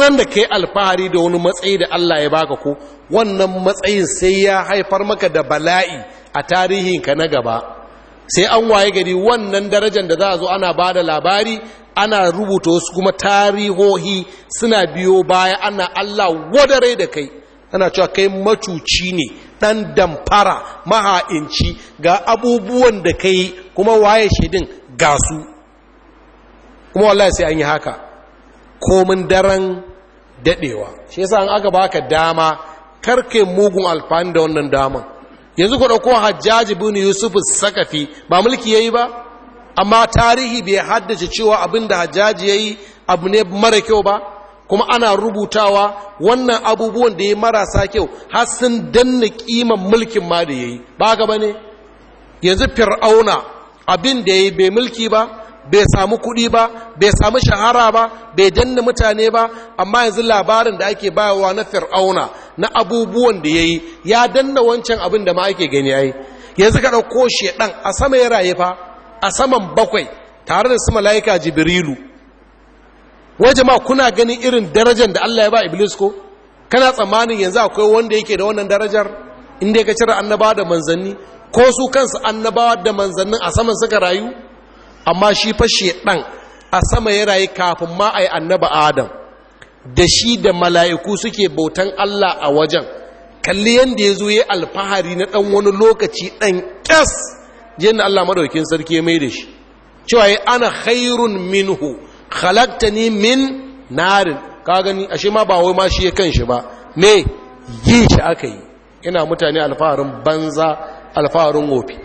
ran da kai alfahari da wani matsayi da Allah ya baka ko wannan matsayin sai ya haifar maka da bala'i a tarihinka na gaba sai an waye gari wannan darajar da za a zo ana ba da labari ana rubuta wasu kuma tarihohi suna biyo baya ana Allah wadare da kai ana cewa kai macuci ne ɗan damfara maha'inci ga abubuwan da kai kuma waye shaidin ga su kuma wallahi sai an yi haka komin daren daɗewa shi yasa an aka baka dama karke mugun alfani da wannan daman yanzu ku dauko hajjaji bin yusuf sakafi ba mulki ya yi ba amma tarihi bai haddace cewa abin da hajjaji yi abu ne mara kyau ba kuma ana rubutawa wannan abubuwan da ya marasa kyau har sun danna kiman mulkin ma da ya yi. ba gaba ne. yanzu fir'auna abin da ya yi bai mulki ba bai samu kuɗi ba bai samu shahara ba bai danna mutane ba amma yanzu labarin da ake bayarwa na fir'auna na abubuwan da ya yi ya danna wancan abin da ma ake gani ya yi yanzu ka ɗauko ɗan, a sama ya raye fa a saman bakwai tare da su mala'ika jibrilu waje ma kuna ganin irin darajar da allah ya ba iblis ko kana tsammanin yanzu akwai wanda yake da wannan darajar inda ya ka cire annaba da manzanni ko su kansu annabawa da manzannin a saman suka rayu amma shi fa shedan a sama ya rayu kafin ma a yi annaba adam da shi da mala'iku suke bautan Allah a wajen kalli yadda ya zo ya alfahari na dan wani lokaci dan kyas da Allah madaukin sarki ya mai da shi cewa ya ana khairun minhu ni min narin ka gani ashe ma ba wai ma shi ya shi ba me yi shi aka yi ina mutane alfaharin banza alfaharin wofi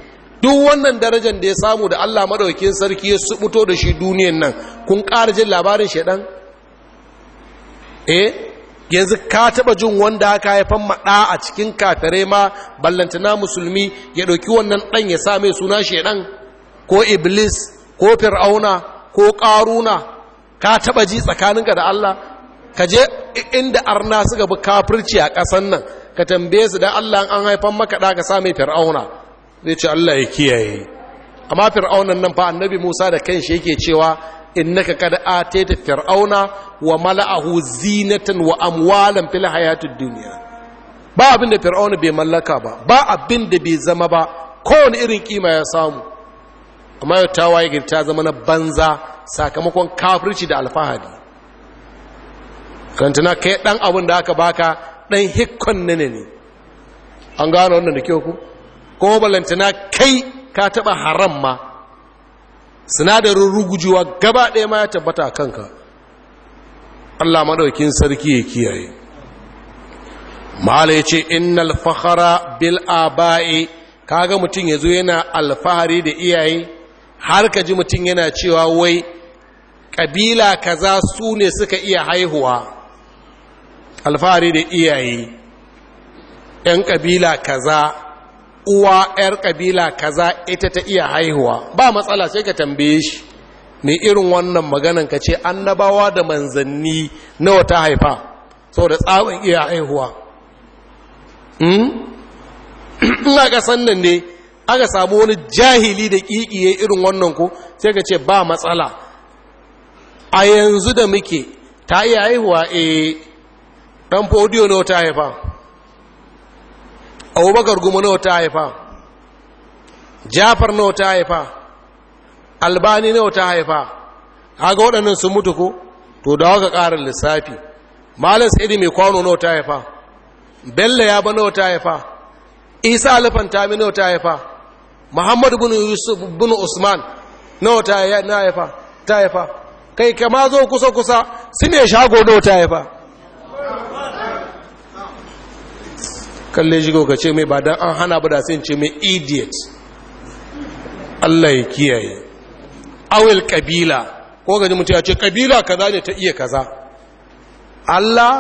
duk wannan darajar da ya samu da Allah madaukakin sarki ya subuto da shi duniyan nan kun ƙara jin labarin shedan eh yanzu ka taba jin wanda aka haifan maɗa a cikin kafirai ma ballantana musulmi ya ɗauki wannan ɗan ya sa mai suna shedan ko iblis ko fir'auna ko ƙaruna ka taba ji tsakaninka da Allah ka je inda arna suka bi kafirci a ƙasar nan ka tambaye su da Allah an haifan maka da ka sa mai fir'auna zai ce Allah ya kiyaye amma fir'aunan nan fa annabi Musa da kanshi yake cewa innaka kad atayta fir'auna wa mala'ahu zinatan wa amwalan fil hayatid dunya ba abin da fir'auna bai mallaka ba ba abin da bai zama ba kowane irin kima ya samu amma yau tawaye gari ta zama na banza sakamakon kafirci da alfahari kantuna kai dan abin da aka baka dan hikkon ne ne an gano wannan da kyau ku ko balantana kai ka taɓa haram ma sinadarin rugujewa gaba ɗaya ma ya tabbata kanka allah maɗaukin sarki ya kiyaye mala ya ce innal fahara bil aba'i kaga mutum ya zo yana alfahari da iyaye har ka ji mutum yana cewa wai ƙabila kaza su ne suka iya haihuwa alfahari da iyaye ‘yan ƙabila kaza uwa 'yar kabila kaza ita ta iya haihuwa ba matsala sai ka tambaye shi mai irin wannan maganan ka ce annabawa da manzanni nawa ta haifa da tsawon iya haihuwa ina ga sannan ne aka samu wani jahili da kikiye irin wannan ko sai ka ce ba matsala a yanzu da muke ta iya haihuwa a eh. dan fodiyo nawa ta haifa abubakar goma nawa ta haifa jafar nawa ta haifa albani nawa ta haifa haga waɗannan sun mutu ko to da waka ƙarar lissafi malam sa'idi mai kwano nawa ta haifa bello ya ba nawa ta haifa isa alifan tami nawa ta haifa muhammad bin yusuf bin usman nawa ta haifa ta haifa kai kama zo kusa kusa su ne shago nawa ta haifa kalle shi ka ce mai ba don an hana ba da sai ce mai idiot Allah ya kiyaye awil kabila ko gani mutum ya ce kabila kaza ne ta iya kaza Allah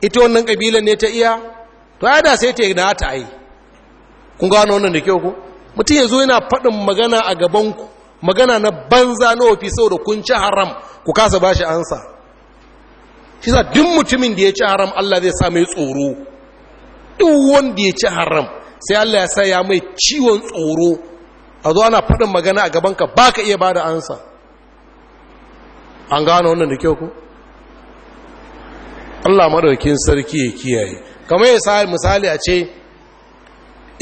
ita wannan kabila ne ta iya to ya da sai ta yi na ta ai kun gano wannan da kyau ku mutum yanzu yana faɗin magana a gabanku magana na banza na ofi sau kun ci haram ku kasa bashi ansa shi sa duk mutumin da ya ci haram Allah zai sa mai tsoro duk wanda ya ci haram sai Allah ya sa ya mai ciwon tsoro a zo ana faɗin magana a gabanka ba ka iya ba da ansa an gano wannan da kyau ku Allah madaukin sarki ya kiyaye kamar ya sa misali a ce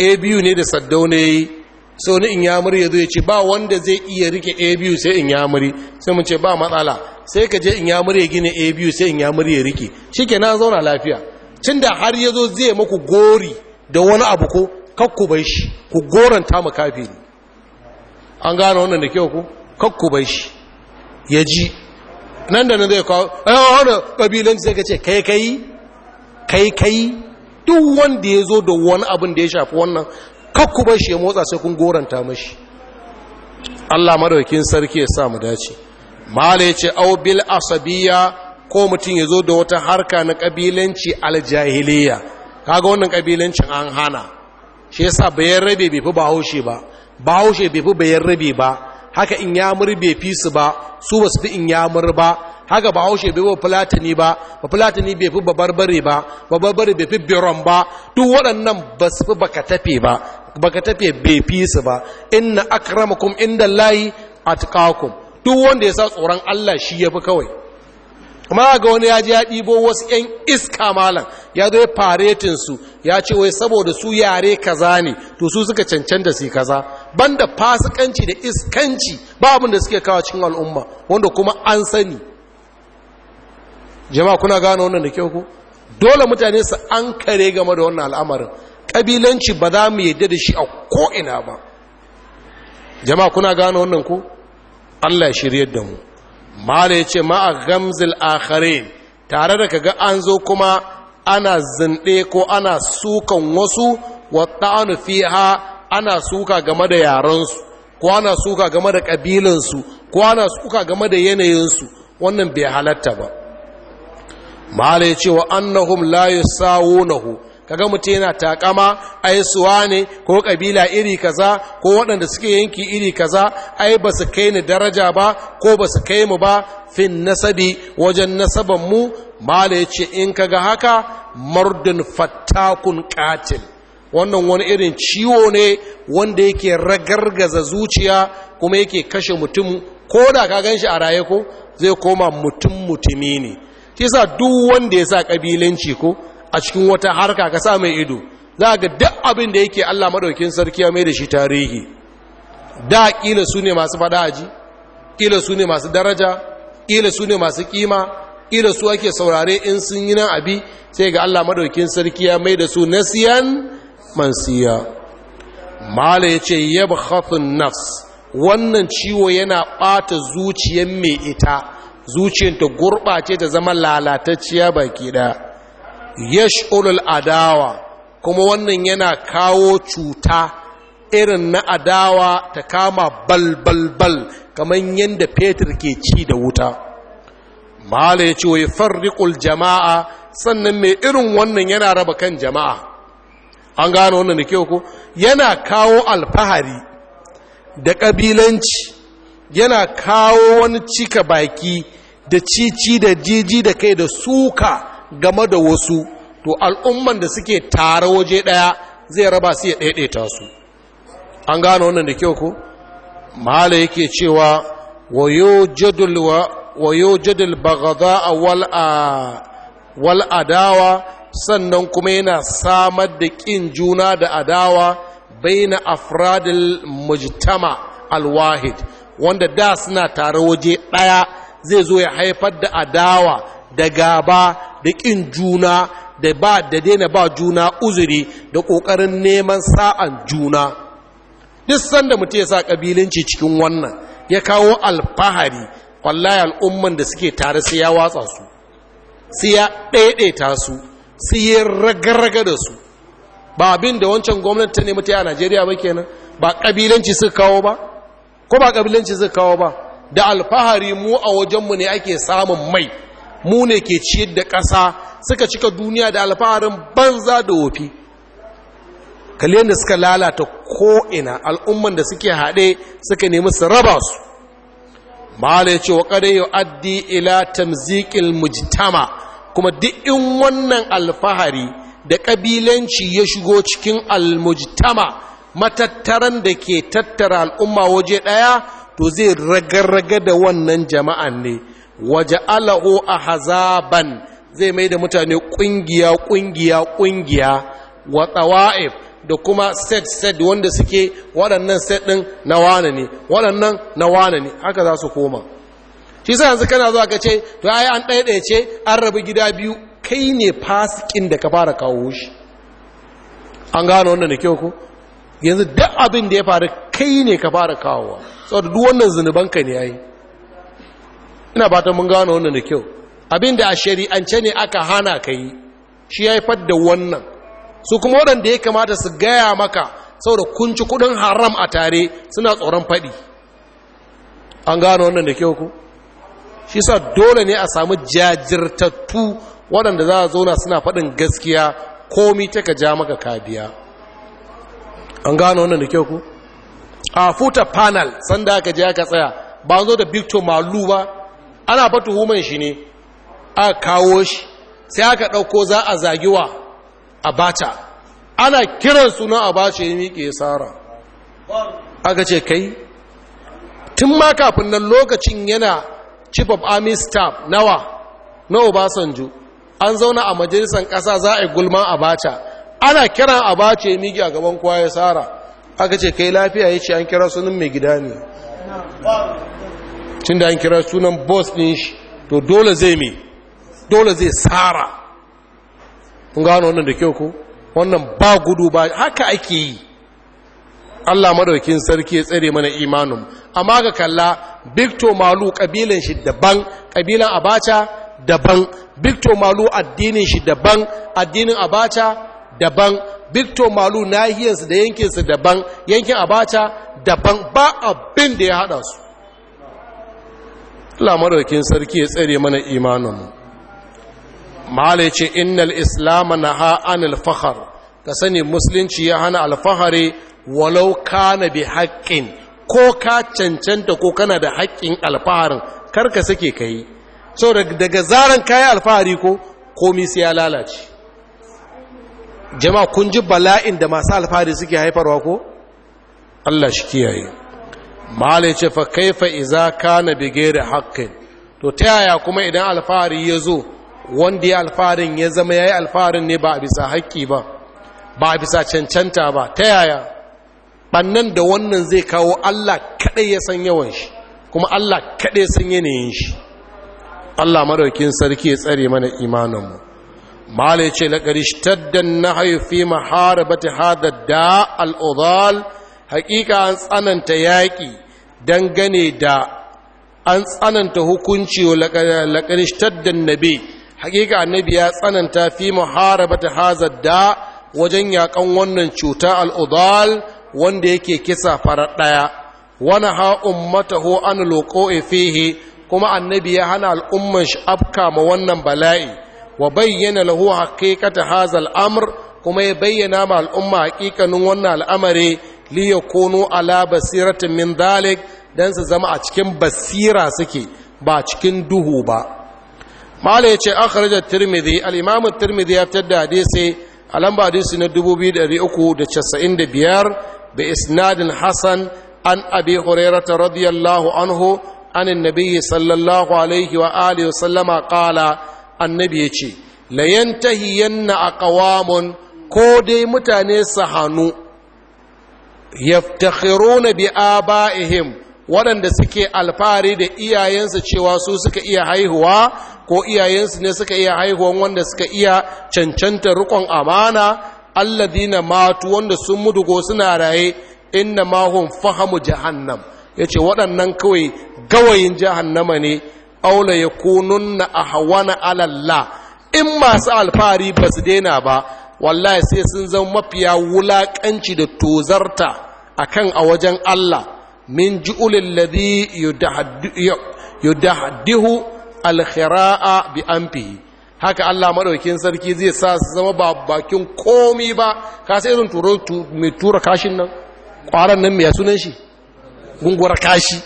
abu ne da saddau ne yi sau ni yamuri ya zo ya ce ba wanda zai iya rike abu sai in yamuri sai mun ce ba matsala sai ka je in yamuri ya gina abu sai in yamuri ya rike shi ke na zauna lafiya tun da har ya zo zai maku gori da wani abu ko kakku bai shi ku goranta makafi ne an gane wannan da kyau ku kakku bai shi ya ji nan da nan zai kawo eh, wani ƙabilanci sai ka ce kai kai kai kai duk wanda ya zo da wani abin da ya shafi wannan kakku bai shi ya motsa sai kun goranta mashi Allah madaukin sarki ya sa mu dace mala ya ce au bil asabiya ko mutum ya zo da wata harka na kabilanci aljahiliya kaga wannan kabilancin an hana shi yasa bayan rabe bai fi bahaushe ba bahaushe bai fi bayan rabe ba haka in ya mur bai fi su ba su ba su fi in ya mur ba haka bahaushe bai fi fulatani ba ba fulatani bai fi babarbare ba babarbare bai fi biron ba duk waɗannan ba su fi baka tafe ba baka tafe bai fi su ba inna akramakum inda layi atqakum duk wanda ya sa tsoron Allah shi ya fi kawai kuma ga wani ya je ya ɗibo wasu 'yan iska malam ya zo ya faretin su ya ce wai saboda su yare kaza ne to su suka cancanta su kaza banda fasikanci da iskanci ba abin da suke kawo cikin al'umma wanda kuma an sani jama'a kuna gano wannan da kyau ku dole mutane su an kare game da wannan al'amarin kabilanci ba za mu yadda da shi a ko'ina ba jama'a kuna gano wannan ku allah ya shiryar da mu mala ya ce ma'a gamzil akharin tare da kaga an zo kuma ana zinde ko ana sukan wasu wa fiha ana suka game da yaransu ko ana suka game da ƙabilansu ko ana suka game da yanayinsu wannan bai halatta ba mala ya ce wa annahum la yusawunahu Ka ga mutum yana takama ai suwa ne ko kabila iri kaza ko waɗanda suke yanki iri kaza ai ba su kai ni daraja ba ko ba su kai mu ba fin nasabi wajen nasaban mu mala ya ce in ga haka mardin fattakun katil wannan wani irin ciwo ne wanda yake ragargaza zuciya kuma yake kashe mutum ko da ka gan shi a raye ko zai koma mutum mutumi ne kisa duk wanda ya sa ƙabilanci ko a cikin wata harka ka sa mai ido za a ga duk abin da yake Allah madaukin sarki ya mai da shi tarihi da ƙila su ne masu fada aji kila su ne masu daraja kila su ne masu kima kila su ake saurare in sun yi nan abi sai ga Allah madaukin sarki ya mai da su nasiyan mansiya mala yace yabkhathun nafs wannan ciwo yana ɓata zuciyar mai ita zuciyar ta gurbace ta zama lalatacciya baki ɗaya. yash'ulul adawa kuma wannan yana kawo cuta irin na adawa ta kama bal bal bal kamar yadda fetur ke ci da wuta mahala ya ce wai farriƙul jama'a sannan mai irin wannan yana raba kan jama'a an gano wannan da kyau ko yana kawo alfahari da ƙabilanci yana kawo wani cika baki da cici da jiji da kai da suka game da wasu to al'umman da suke tare waje ɗaya zai raba su ya ɗaiɗaita su an gano wannan da kyau ko mahala yake cewa wayo jadul wayo jadul a wal adawa sannan kuma yana samar da ƙin juna da adawa baina afradil mujtama alwahid wanda da suna tare waje ɗaya zai zo ya haifar da adawa da gaba da ƙin juna da ba da daina ba juna uzuri da ƙoƙarin neman sa'an juna duk sanda mutum ya sa ƙabilanci cikin wannan ya kawo alfahari wallahi al'umman da suke tare sai ya watsa su sai ya ɗaiɗaita su sai ya ragarraga da su ba abin da wancan gwamnati ta nemi ta a najeriya ba kenan ba ƙabilanci suka kawo ba ko ba ƙabilanci suka kawo ba da alfahari mu a wajenmu ne ake samun mai mu ne ke ciyar da ƙasa suka cika duniya da alfaharin banza da wofi Kaliyan da suka lalata ko'ina al'umman da suke haɗe suka nemi su raba su da ya ce wa ƙadai yau addi ila tamzikil mujtama kuma duk in wannan alfahari da ƙabilanci ya shigo cikin almujtama matattaran da ke tattara al'umma waje ɗaya to zai ragarraga da wannan jama'an ne waje alahu a hazaban zai mai da mutane ƙungiya ƙungiya ƙungiya wa tsawa'ib da kuma set set wanda suke waɗannan set ɗin na wane ne waɗannan na wane ne haka za su koma shi sa yanzu kana zuwa ka ce to ai an ɗaya ce an rabu gida biyu kai ne fasikin da ka fara kawo shi an gano wannan da kyau ko yanzu duk abin da ya faru kai ne ka fara kawowa saboda duk wannan zunubanka ne yayi ina ta mun gano wannan da kyau abinda a shari'ance ne aka hana ka yi shi ya haifar da wannan su kuma waɗanda ya kamata su gaya maka saboda kun ci kuɗin haram a tare suna tsoron faɗi an gano wannan da kyau ku shi sa dole ne a samu jajirtattu waɗanda za a zauna suna faɗin gaskiya komi ta ka ja maka kabiya an gano wannan da kyau ku a futa panel sanda aka je aka tsaya ba zo da victor malu ba ana fa tuhuman shi ne a kawo shi sai aka ɗauko za a zagiwa a bata ana kiran suna a bace ya miƙe sara aka ce kai tun ma kafin nan lokacin yana chief of army staff nawa na obasanjo an zauna a majalisar ƙasa za a yi gulma a bata ana kiran a bace ya miƙe a gaban kwaye ya aka ce kai lafiya ya ce an kira sunan mai gida ne cin da an kira sunan boss ɗin shi to dole zai mai dole zai tsara kun gano wannan da kyau ko wannan ba gudu ba haka ake yi Allah madaukin sarki ya tsare mana imanin amma ga kalla Bikto Malu kabilan shi daban kabilan Abacha daban Bikto Malu addinin shi daban addinin Abacha daban Bikto Malu nahiyarsu da yankinsu daban yankin Abacha daban ba abin da ya haɗa su lamaraukin sarki ya tsare mana imaninmu mahala ce innal islam na ha'an alfahar ka sani musulunci ya hana alfahari walau kana bi haƙƙin ko ka cancanta ko kana da haƙƙin alfaharin karka sake ka yi so daga zaren kayan alfahari ko komi sai ya lalace jama'a kun ji bala'in da masu alfahari suke haifarwa ko Allah shi kiyaye malai ce fa kaifa iza kana bigere haƙƙin to ta yaya kuma idan alfahari ya zo wanda ya alfaharin ya zama ya yi alfaharin ne ba a bisa haƙƙi ba ba a bisa cancanta ba ta yaya ɓannan da wannan zai kawo allah kaɗai ya san yawan shi kuma allah kaɗai san yanayin shi allah maraukin sarki ya tsare mana imaninmu malai ce laƙarishtar da na haifi maharabata hada da al'udal hakika an tsananta yaƙi dangane da an tsananta hukunci laƙarishtar da nabi hakika annabi ya tsananta fi ta hazar da wajen yaƙan wannan cuta al'udal wanda yake kisa farar ɗaya wani ha'un mataho an loƙo efehe kuma annabi ya hana al'umman shi afka ma wannan bala'i wa bayyana lahu haqiqata hazal amr kuma ya bayyana ma al'umma haƙiƙanin wannan al'amari liyakonu ala basiratin min dhalik dan su zama a cikin basira suke ba cikin duhu ba mala yace akhraj at-tirmidhi al-imam at-tirmidhi ya tada hadisi a lamba hadisi na 2395 bi isnadin hasan an abi hurairah radiyallahu anhu an annabi sallallahu alaihi wa alihi wa sallama qala annabi yace la yantahiyanna aqwamun ko dai mutane su hanu yaftakhiruna bi aba'ihim waɗanda suke alfahari da iyayensu cewa su suka iya haihuwa ko iyayensu ne suka iya haihuwan wanda suka iya cancanta rikon amana alladina matu wanda sun mudu go suna raye inna ma hum fahamu jahannam yace waɗannan kawai gawayin jahannama ne aula yakununna ahwana ala Allah in masu alfahari ba su daina ba wallahi sai sun zama mafiya wulaƙanci da tozarta akan a wajen Allah min ju'ulil ladhi yudahdihu alkhira'a bi anfihi haka Allah madaukin sarki zai sa su zama ba bakin komi ba ka sai irin turo mai tura kashin nan kwaran nan mai sunan shi gungura kashi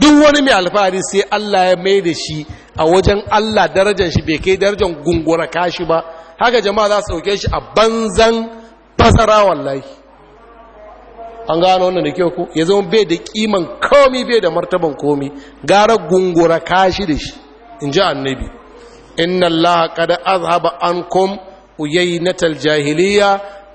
duk wani mai alfahari sai Allah ya mai da shi a wajen Allah darajar shi bai kai darajar gungura kashi ba haka jama'a za su dauke shi a banzan fasara wallahi an gano wannan da kyau ko ya zama bai da kiman komi bai da martaban komi gara gungura kashi da shi in ji annabi inna allaha qad azhaba ankum uyaynatal jahiliya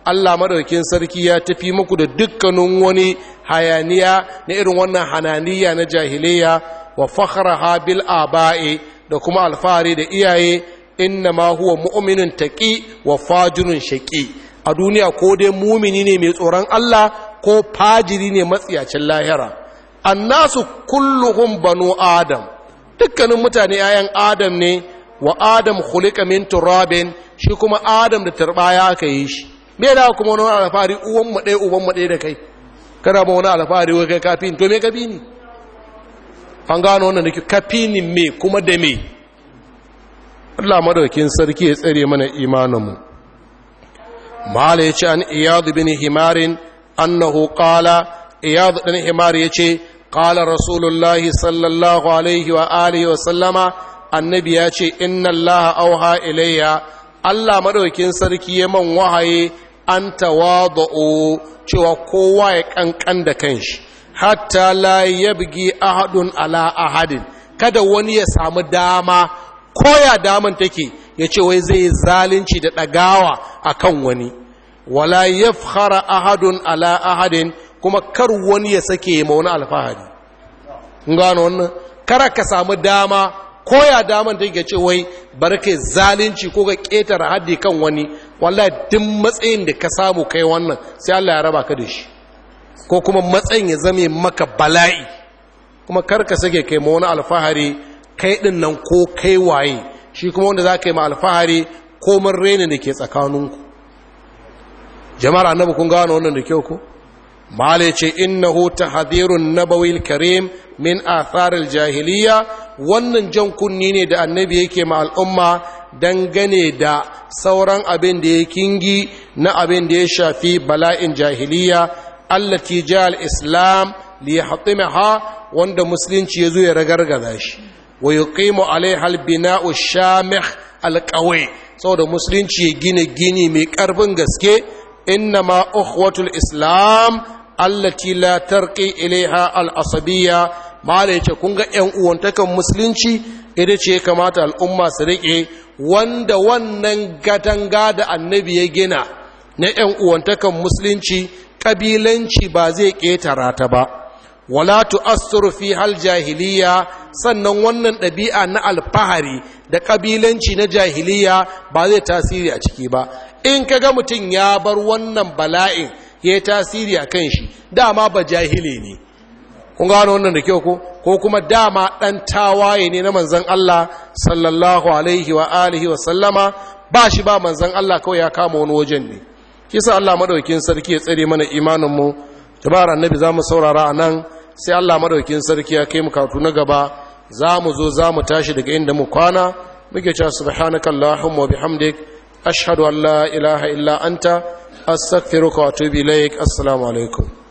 Allah madaukin sarki ya tafi muku da dukkanin wani hayaniya na irin wannan hananiya na jahiliya wa fakhraha bil aba'i da kuma alfahari da iyaye inna ma huwa mu'minin taqi wa fajirun shaqi a duniya ko dai mumini ne mai tsoron Allah ko fajiri ne matsiyacin lahira annasu kulluhum banu adam dukkanin mutane ayan adam ne wa adam khuliqa min turabin shi kuma adam da turba ya aka yi shi me da kuma wani alfahari uwan mu dai uban mu dai da kai kana ba wani alfahari wai kai kafin to me bi ni an gano wannan da me kuma da me Allah madaukin sarki ya tsare mana imaninmu mala yace an iyad bin himar annahu qala iyad bin himar yace qala rasulullahi sallallahu alaihi wa alihi wa sallama annabi yace inna allaha auha ilayya Allah madaukin sarki ya man wahaye an tawadu cewa kowa ya kankan da kanshi hatta la yabgi ahadun ala ahadin kada wani ya samu dama koya daman take ya ce wai zai zalunci da ɗagawa a kan wani wala fara ahadun ala ahadin kuma kar wani ya sake ma wani alfahari gano wannan kara ka samu dama koya daman take ce wai bar kai zalunci ko ka ƙetare haddi kan wani Wala duk matsayin da ka samu kai wannan sai Allah ya raba ka da shi ko kuma matsayin ya zame maka bala'i kuma kar ka sake kai ma alfahari kai ɗin nan ko kai waye shi kuma wanda za ka yi ma alfahari komin reni da ke tsakaninku jama'ar annabu kun gano wannan da kyau ko male ce innahu tahdhirun nabawil karim min athar jahiliya wannan jan kunni ne da annabi yake ma al'umma dangane da sauran abin da ya kingi na abin da ya shafi bala'in jahiliya allati ja al-islam li ha wanda musulunci ya zo ya ragargaza shi wa yuqimu alaiha albina'u shamikh alqawi saboda musulunci ya gina gini mai karfin gaske innama ukhwatul islam allati la tarqi ilaiha al-asabiyya mala yace kun ga uwantakan musulunci ita ce kamata al'umma su rike wanda wannan gadanga da annabi ya gina na 'yan uwantakan musulunci ƙabilanci ba zai ƙetara ta ba wala tu'assiru fi hal jahiliya sannan wannan ɗabi'a na alfahari da ƙabilanci na jahiliya ba zai tasiri a ciki ba in ka ga mutum ya bar wannan bala'in ya yi tasiri a kan shi dama ba jahili ne kun gano wannan da kyau ko ko kuma dama ɗan tawaye ne na manzan Allah sallallahu alaihi wa alihi wa sallama ba shi ba manzan Allah kawai ya kama wani wajen ne kisa Allah madaukin sarki ya tsare mana imanin mu jama'ar annabi za mu saurara a nan sai allah madaukin sarki ya kai mu katu na gaba za mu zo za mu tashi daga inda mu kwana muke cewa subhanaka allahumma wa bihamdik ashhadu an la ilaha illa anta astaghfiruka wa atubu ilaik assalamu alaikum